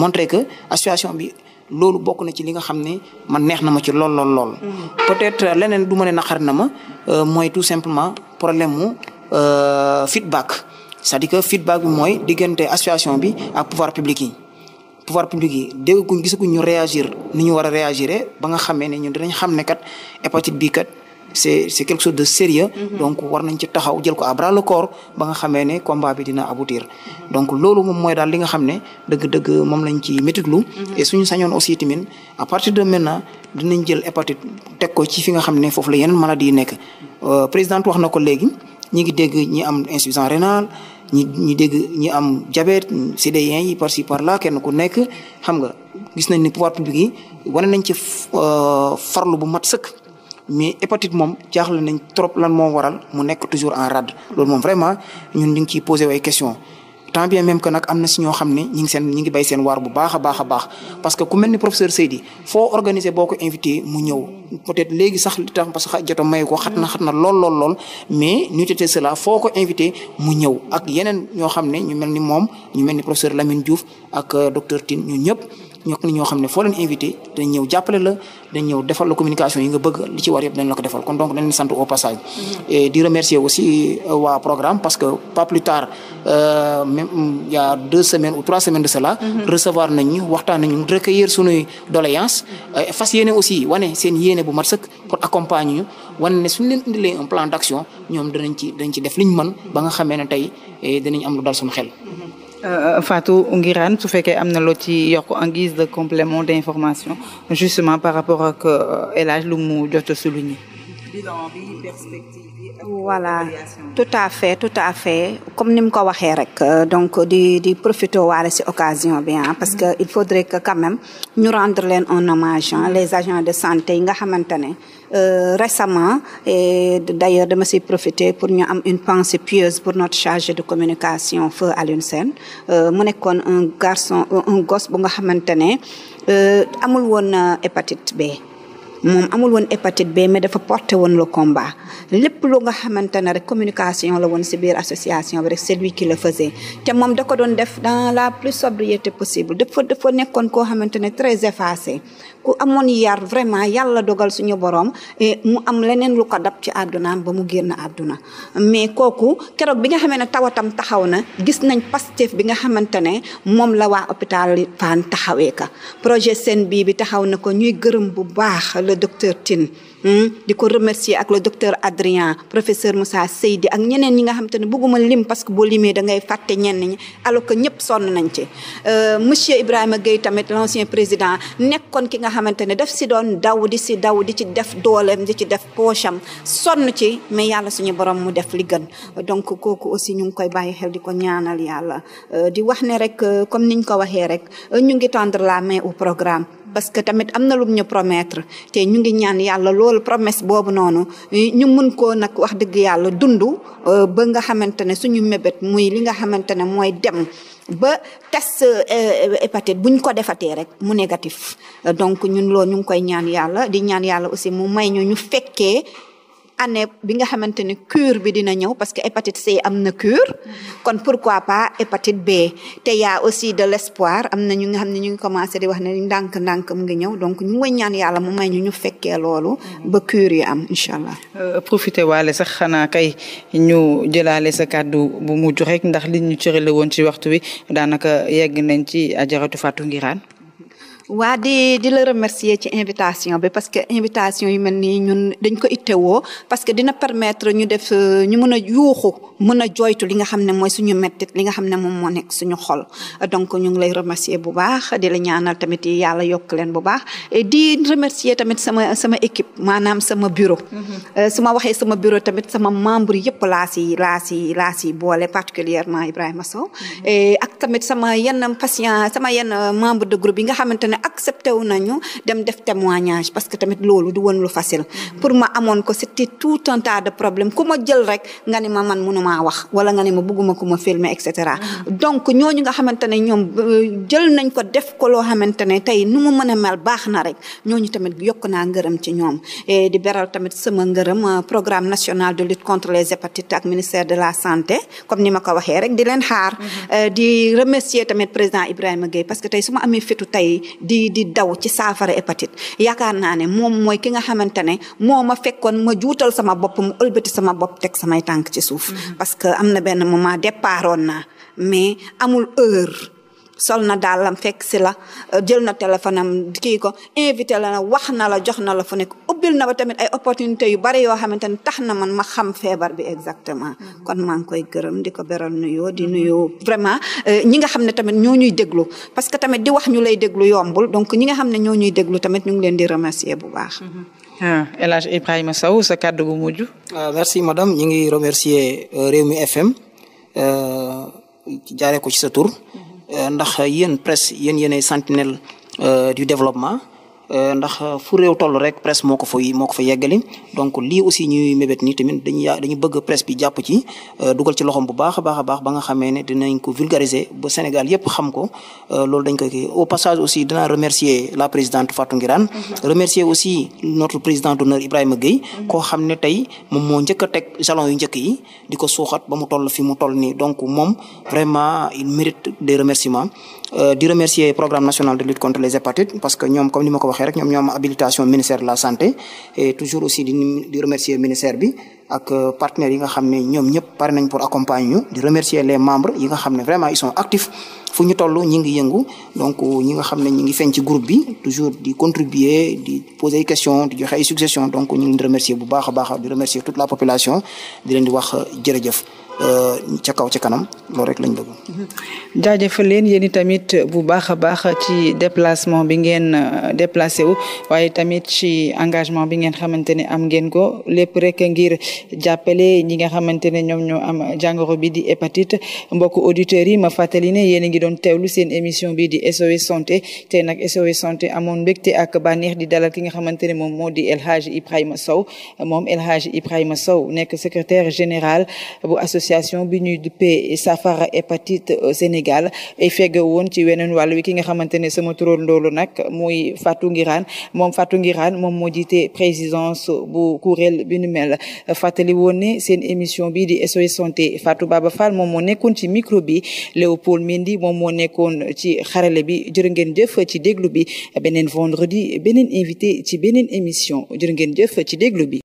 loolu bokk na ci li nga xam ne man neex na ma ci lool lool lool. Mm-hmm. peut-être leneen du ma ne naqar na ma euh, mooy tout simplement problème mu euh, feedback c'est-à-dire que feedback bi mooy diggante association bi ak pouvoir public yi. pouvoir public yi dégguñ gisaguñ ñu réagir ni ñu war a réagir ba nga xamee ne ñun dinañ xam ne kat hépatite bii kat. c'est c'est quelque chose de sérieux mhm. donc war nañ ci taxaw jël ko à le corps ba nga xamee ne combat bi dina aboutir donc loolu moom mooy daal li nga xam ne dëgg-dëgg moom lañ ci métitlu mhm. suñu sañoon aussi tamit à partir de maintenant dinañ jël hépatite teg ko ci fi nga xam ne foofu la yeneen maladie nekk euh, présidente wax na ko léegi ñi ngi dégg ñi am insuffisance rénale ñi ñi dégg ñi am diabète CDI yi par ci par là kenn ku nekk xam nga gis nañ ni pouvoir public yi wane nañ ci euh, farlu bu mat sëkk mais hépatite moom jaaxle nañ trop lan moo waral mu nekk toujours en rade loolu moom vraiment ñun ñu ngi ciy posé way question tant bien même que nag am na si ñoo xam ne ñi ngi seen ñi ngi bay seen waar bu baax a baax a baax parce que ku mel ni professeur Seydi foo organisé boo ko invité mu ñëw peut léegi sax li parce que joto may ko xat na xat na lool lool lool mais ñu tete cela foo ko invité mu ñëw ak yeneen ñoo xam ne ñu mel ni moom ñu mel ni professeur Lamine Diouf ak euh, docteur tin ñu ñëpp ñokk ñoo xam ne foo leen invité dañ ñëw jàppale la dañ ñëw defal la communication yi nga bëgg li ci war yëpp dañ la ko defal kon donc dañ leen sant au passage mhm. et di remercier aussi euh, waa programme parce que pas plus tard euh, même mm, il y a deux semaines ou trois semaines de cela mhm. recevoir nañ ñu waxtaan nañu recueillir suñuy doléance euh, fas yéene aussi wane seen yéene bu mat sëkk pour accompagner ñu wane ne suñu leen indilee un plan d'action ñoom danañ ci dañ ci def liñ man ba nga xamee ne tey eh, dinañ am lu dal suñu xel mhm. Euh, Fatou Ngirane su fekkee am na loo ci yokk en guise de complément d'information justement par rapport ak euh, El Hadj lu mu jot a voilà tout à fait tout à fait comme ni mu ko waxee rek euh, donc di di profité waale si occasion bi ah parce que il faudrait que quand même ñu rendre leen un hommage les agents de santé yi nga xamante ne euh, récemment et d'ailleurs dama si profité pour ñu am une pensée pieuse pour notre chargé de communication feu Alioune Sène euh, mu nekkoon un garçon un gos bu nga xamante ne amul woon hépatite B moom amul woon hépatite B mais dafa porté woon le combat lépp lu nga xamante ne rek communication la woon si biir association bi rek c'est lui qui le faisait te moom da ko doon def dans la plus sobriété possible dafa dafa nekkoon koo xamante ne très effacé ku amoon yar vraiment yàlla dogal suñu borom mu am leneen lu ko dab ci àddunaam ba mu génn àdduna mais kooku keroog bi nga xamee ne tawatam taxaw na gis nañ Pastef bi nga xamante ne moom la waa hôpital Fann taxawee ka projet seen bii bi taxaw na ko ñuy gërëm bu baax le docteur Tine hmm, di ko remercier ak le docteur Adrien professeur Moussa Seydi ak ñeneen ñi nga xam te ne bëgguma lim parce que boo limee da ngay fàtte ñenn ñi alors que sonn nañ ci. Euh, monsieur Ibrahima Gueye tamit l' ancien président nekkoon ki nga xamante ne daf si doon daw di si daw di ci def dooleem di ci def poosam sonn ci mais yàlla suñu borom mu def li gën donc kooku aussi ñu ngi koy bàyyi xel di ko ñaanal yàlla euh, di wax ne rek euh, comme niñ ko waxee rek ñu parce que tamit am na lum ñu promettre te ñu ngi ñaan yàlla loolu promesse boobu noonu ñu mun koo nag wax dëgg yàlla dund euh, ba nga xamante ne suñu mébét muy li nga xamante ne mooy dem ba test euh, hépatite buñ ko defatee rek mu négatif donc ñun loolu ñu ngi koy ñaan yàlla di ñaan yàlla aussi mu may ñu ñu fekkee année bi nga xamante ne cure bi dina ñëw parce que hépatite C am na cure kon pourquoi pas hépatite B te y'a aussi de l'espoir am na ñu nga xam ne ñu ngi commencé di wax ne ndànk ndànk mu ngi ñëw donc ñu ngi ñaan yàlla mu may ñu ñu fekkee loolu ba cure yi am incha allah. Euh, profité waale sax xanaa kay ñu jëlaale sa kàddu bu mujj rek ndax li ñu cërale woon ci waxtu wi daanaka yegg nañ ci ajaratu Fatou Ngiraan waa di di la remercier ci invitation bi parce que invitation yu mel nii ñun dañ ko ittewoo parce que dina permettre ñu def euh, ñu mën a yuuxu mën a jooytu li nga xam ne mooy suñu mettit li nga xam ne moom moo nekk suñu xol donc ñu ngi lay remercier bu baax di la ñaanal tamit yàlla yokk leen bu baax di remercier tamit sama sama équipe maanaam sama bureau. Mm-hmm. Euh, su ma waxee sama bureau tamit sama membre yëpp laa si laa si laa si boole particulièrement Ibrahima Sow. Mm-hmm. ak tamit sama yenn ne accepté wu nañu dem def témoignage parce que tamit loolu du woon lu facile. pour ma amoon ko c'était tout un tas de problème ku ma jël rek nga ni ma man mënumaa wax wala nga ne ma bëgguma ku ma filmer et cetera. Mm-hmm. donc ñooñu nga xamante ne ñoom euh, jël nañ ko def ko loo xamante ne tey nu mu mën a mel baax na rek ñooñu tamit yokk naa ngërëm ci ñoom di beral tamit sama ngërëm euh, programme national de lutte contre les hépatites ak ministère de la santé comme ni ma ko waxee rek di leen xaar. Mm-hmm. Euh, di remercier tamit président Ibrahima Gueye parce que tey su ma amee fitu tey di di daw ci saafara hépatite yaakaar naa ne moom mooy ki nga xamante ne moo ma fekkoon ma juutal sama bopp mu ëlbati sama bopp teg samay tànk ci suuf. Mm-hmm. parce que am na benn moment départoon naa mais amul heure. sol na dàllam fekk si la euh, jël na téléphone am kii ko invité la na wax na la jox na la fu nekk ubbil na ba tamit ay opportunité yu bari yoo xamante ni tax na man ma xam feebar bi exactement mm-hmm. kon maa ngi koy gërëm di ko beral nuyoo di nuyoo vraiment euh, ñi nga xam ne tamit ñoo ñuy déglu parce que tamit di wax ñu lay déglu yombul donc ñi nga xam ne ñoo ñuy déglu tamit ñu ngi leen di remercier bu baax mm-hmm. ah El Hadj Ibrahima saw sa kàddu gu mujj. Ah, merci madame ñu ngi remercier euh, Rewmi FM jaaree ko ci sa tur. Mm-hmm. Euh, ndax yéen presse yéen yéenay sentinelle euh, du développement Euh, ndax euh, fu réew toll rek presse moo ko fa moo ko fa yeggali donc lii aussi ñuy mébét nii tamit dañuy dañu bëgg presse bi jàpp ci euh, dugal ci loxoom bu baax a baax a baax ba nga xamee ne dinañ ko vulgariser ba Sénégal yëpp xam ko loolu dañ koy kii au passage aussi dinaa remercier la présidente Fatou Ngirane mm-hmm. remercier aussi notre président d'honneur Ibrahima Gueye mm-hmm. koo xam ne tey moom moo njëkk a teg jalon yu njëkk yi di ko suuxat ba mu toll fi mu toll nii donc moom vraiment il mérite des remerciements di remercier programme national de lutte contre les hépatites rek ñoom ñoom am habilitation ministère de la santé et toujours aussi di di remercier ministère bi ak euh, partenaires yi nga xam ne ñoom ñëpp pare nañ pour accompagner ñu di remercier les membres yi nga xam ne vraiment ils sont actifs fu ñu toll ñi ngi yëngu donc euh, ñi nga xam ne ñi ngi feeñ ci groupe bi toujours di contribuer di poser ay questions di joxe ay suggestions donc ñu ngi remercier bu baax a baax di remercier toute la population di leen di wax euh, jërëjëf Euh, ca kaw ci kanam loolu rek leen yéen i tamit bu baax a baax ci déplacement bi ngeen euh, déplacé wu waaye tamit ci engagement bi ngeen xamante ne am ngeen ko lépp rek ngir jàppale ñi nga xamante ne ñoom ñoo am jàngoro bi di hépatite mbokku auditeurs yi ma fàttali ne yéen a ngi doon teewlu seen émission bi di SOS santé tey nag SOS santé amoon mbégte ak bànneex di dalal ki nga xamante ne moom moo di El Hadj Ibrahima Sow moom El Hadj Ibrahima Sow nekk secretaire général bu association. association bi ñuy duppee Safara hépatite euh, Sénégal ay fegge woon ci weneen wàll wi ki nga xamante ne sama turandoolu nag muy ngi raan moom Fatou Ngiraan moom moo jiite présidence bu kuréel bi nu mel fàttali woon ne seen émission bi di SOS santé Fatou Baba Fall moom moo nekkoon ci micro bi Léopold Mendy moom moo nekkoon ci xarale bi jërë ngeen jëf ci déglu bi beneen vendredi beneen invité ci beneen émission jërë jëf ci déglu bi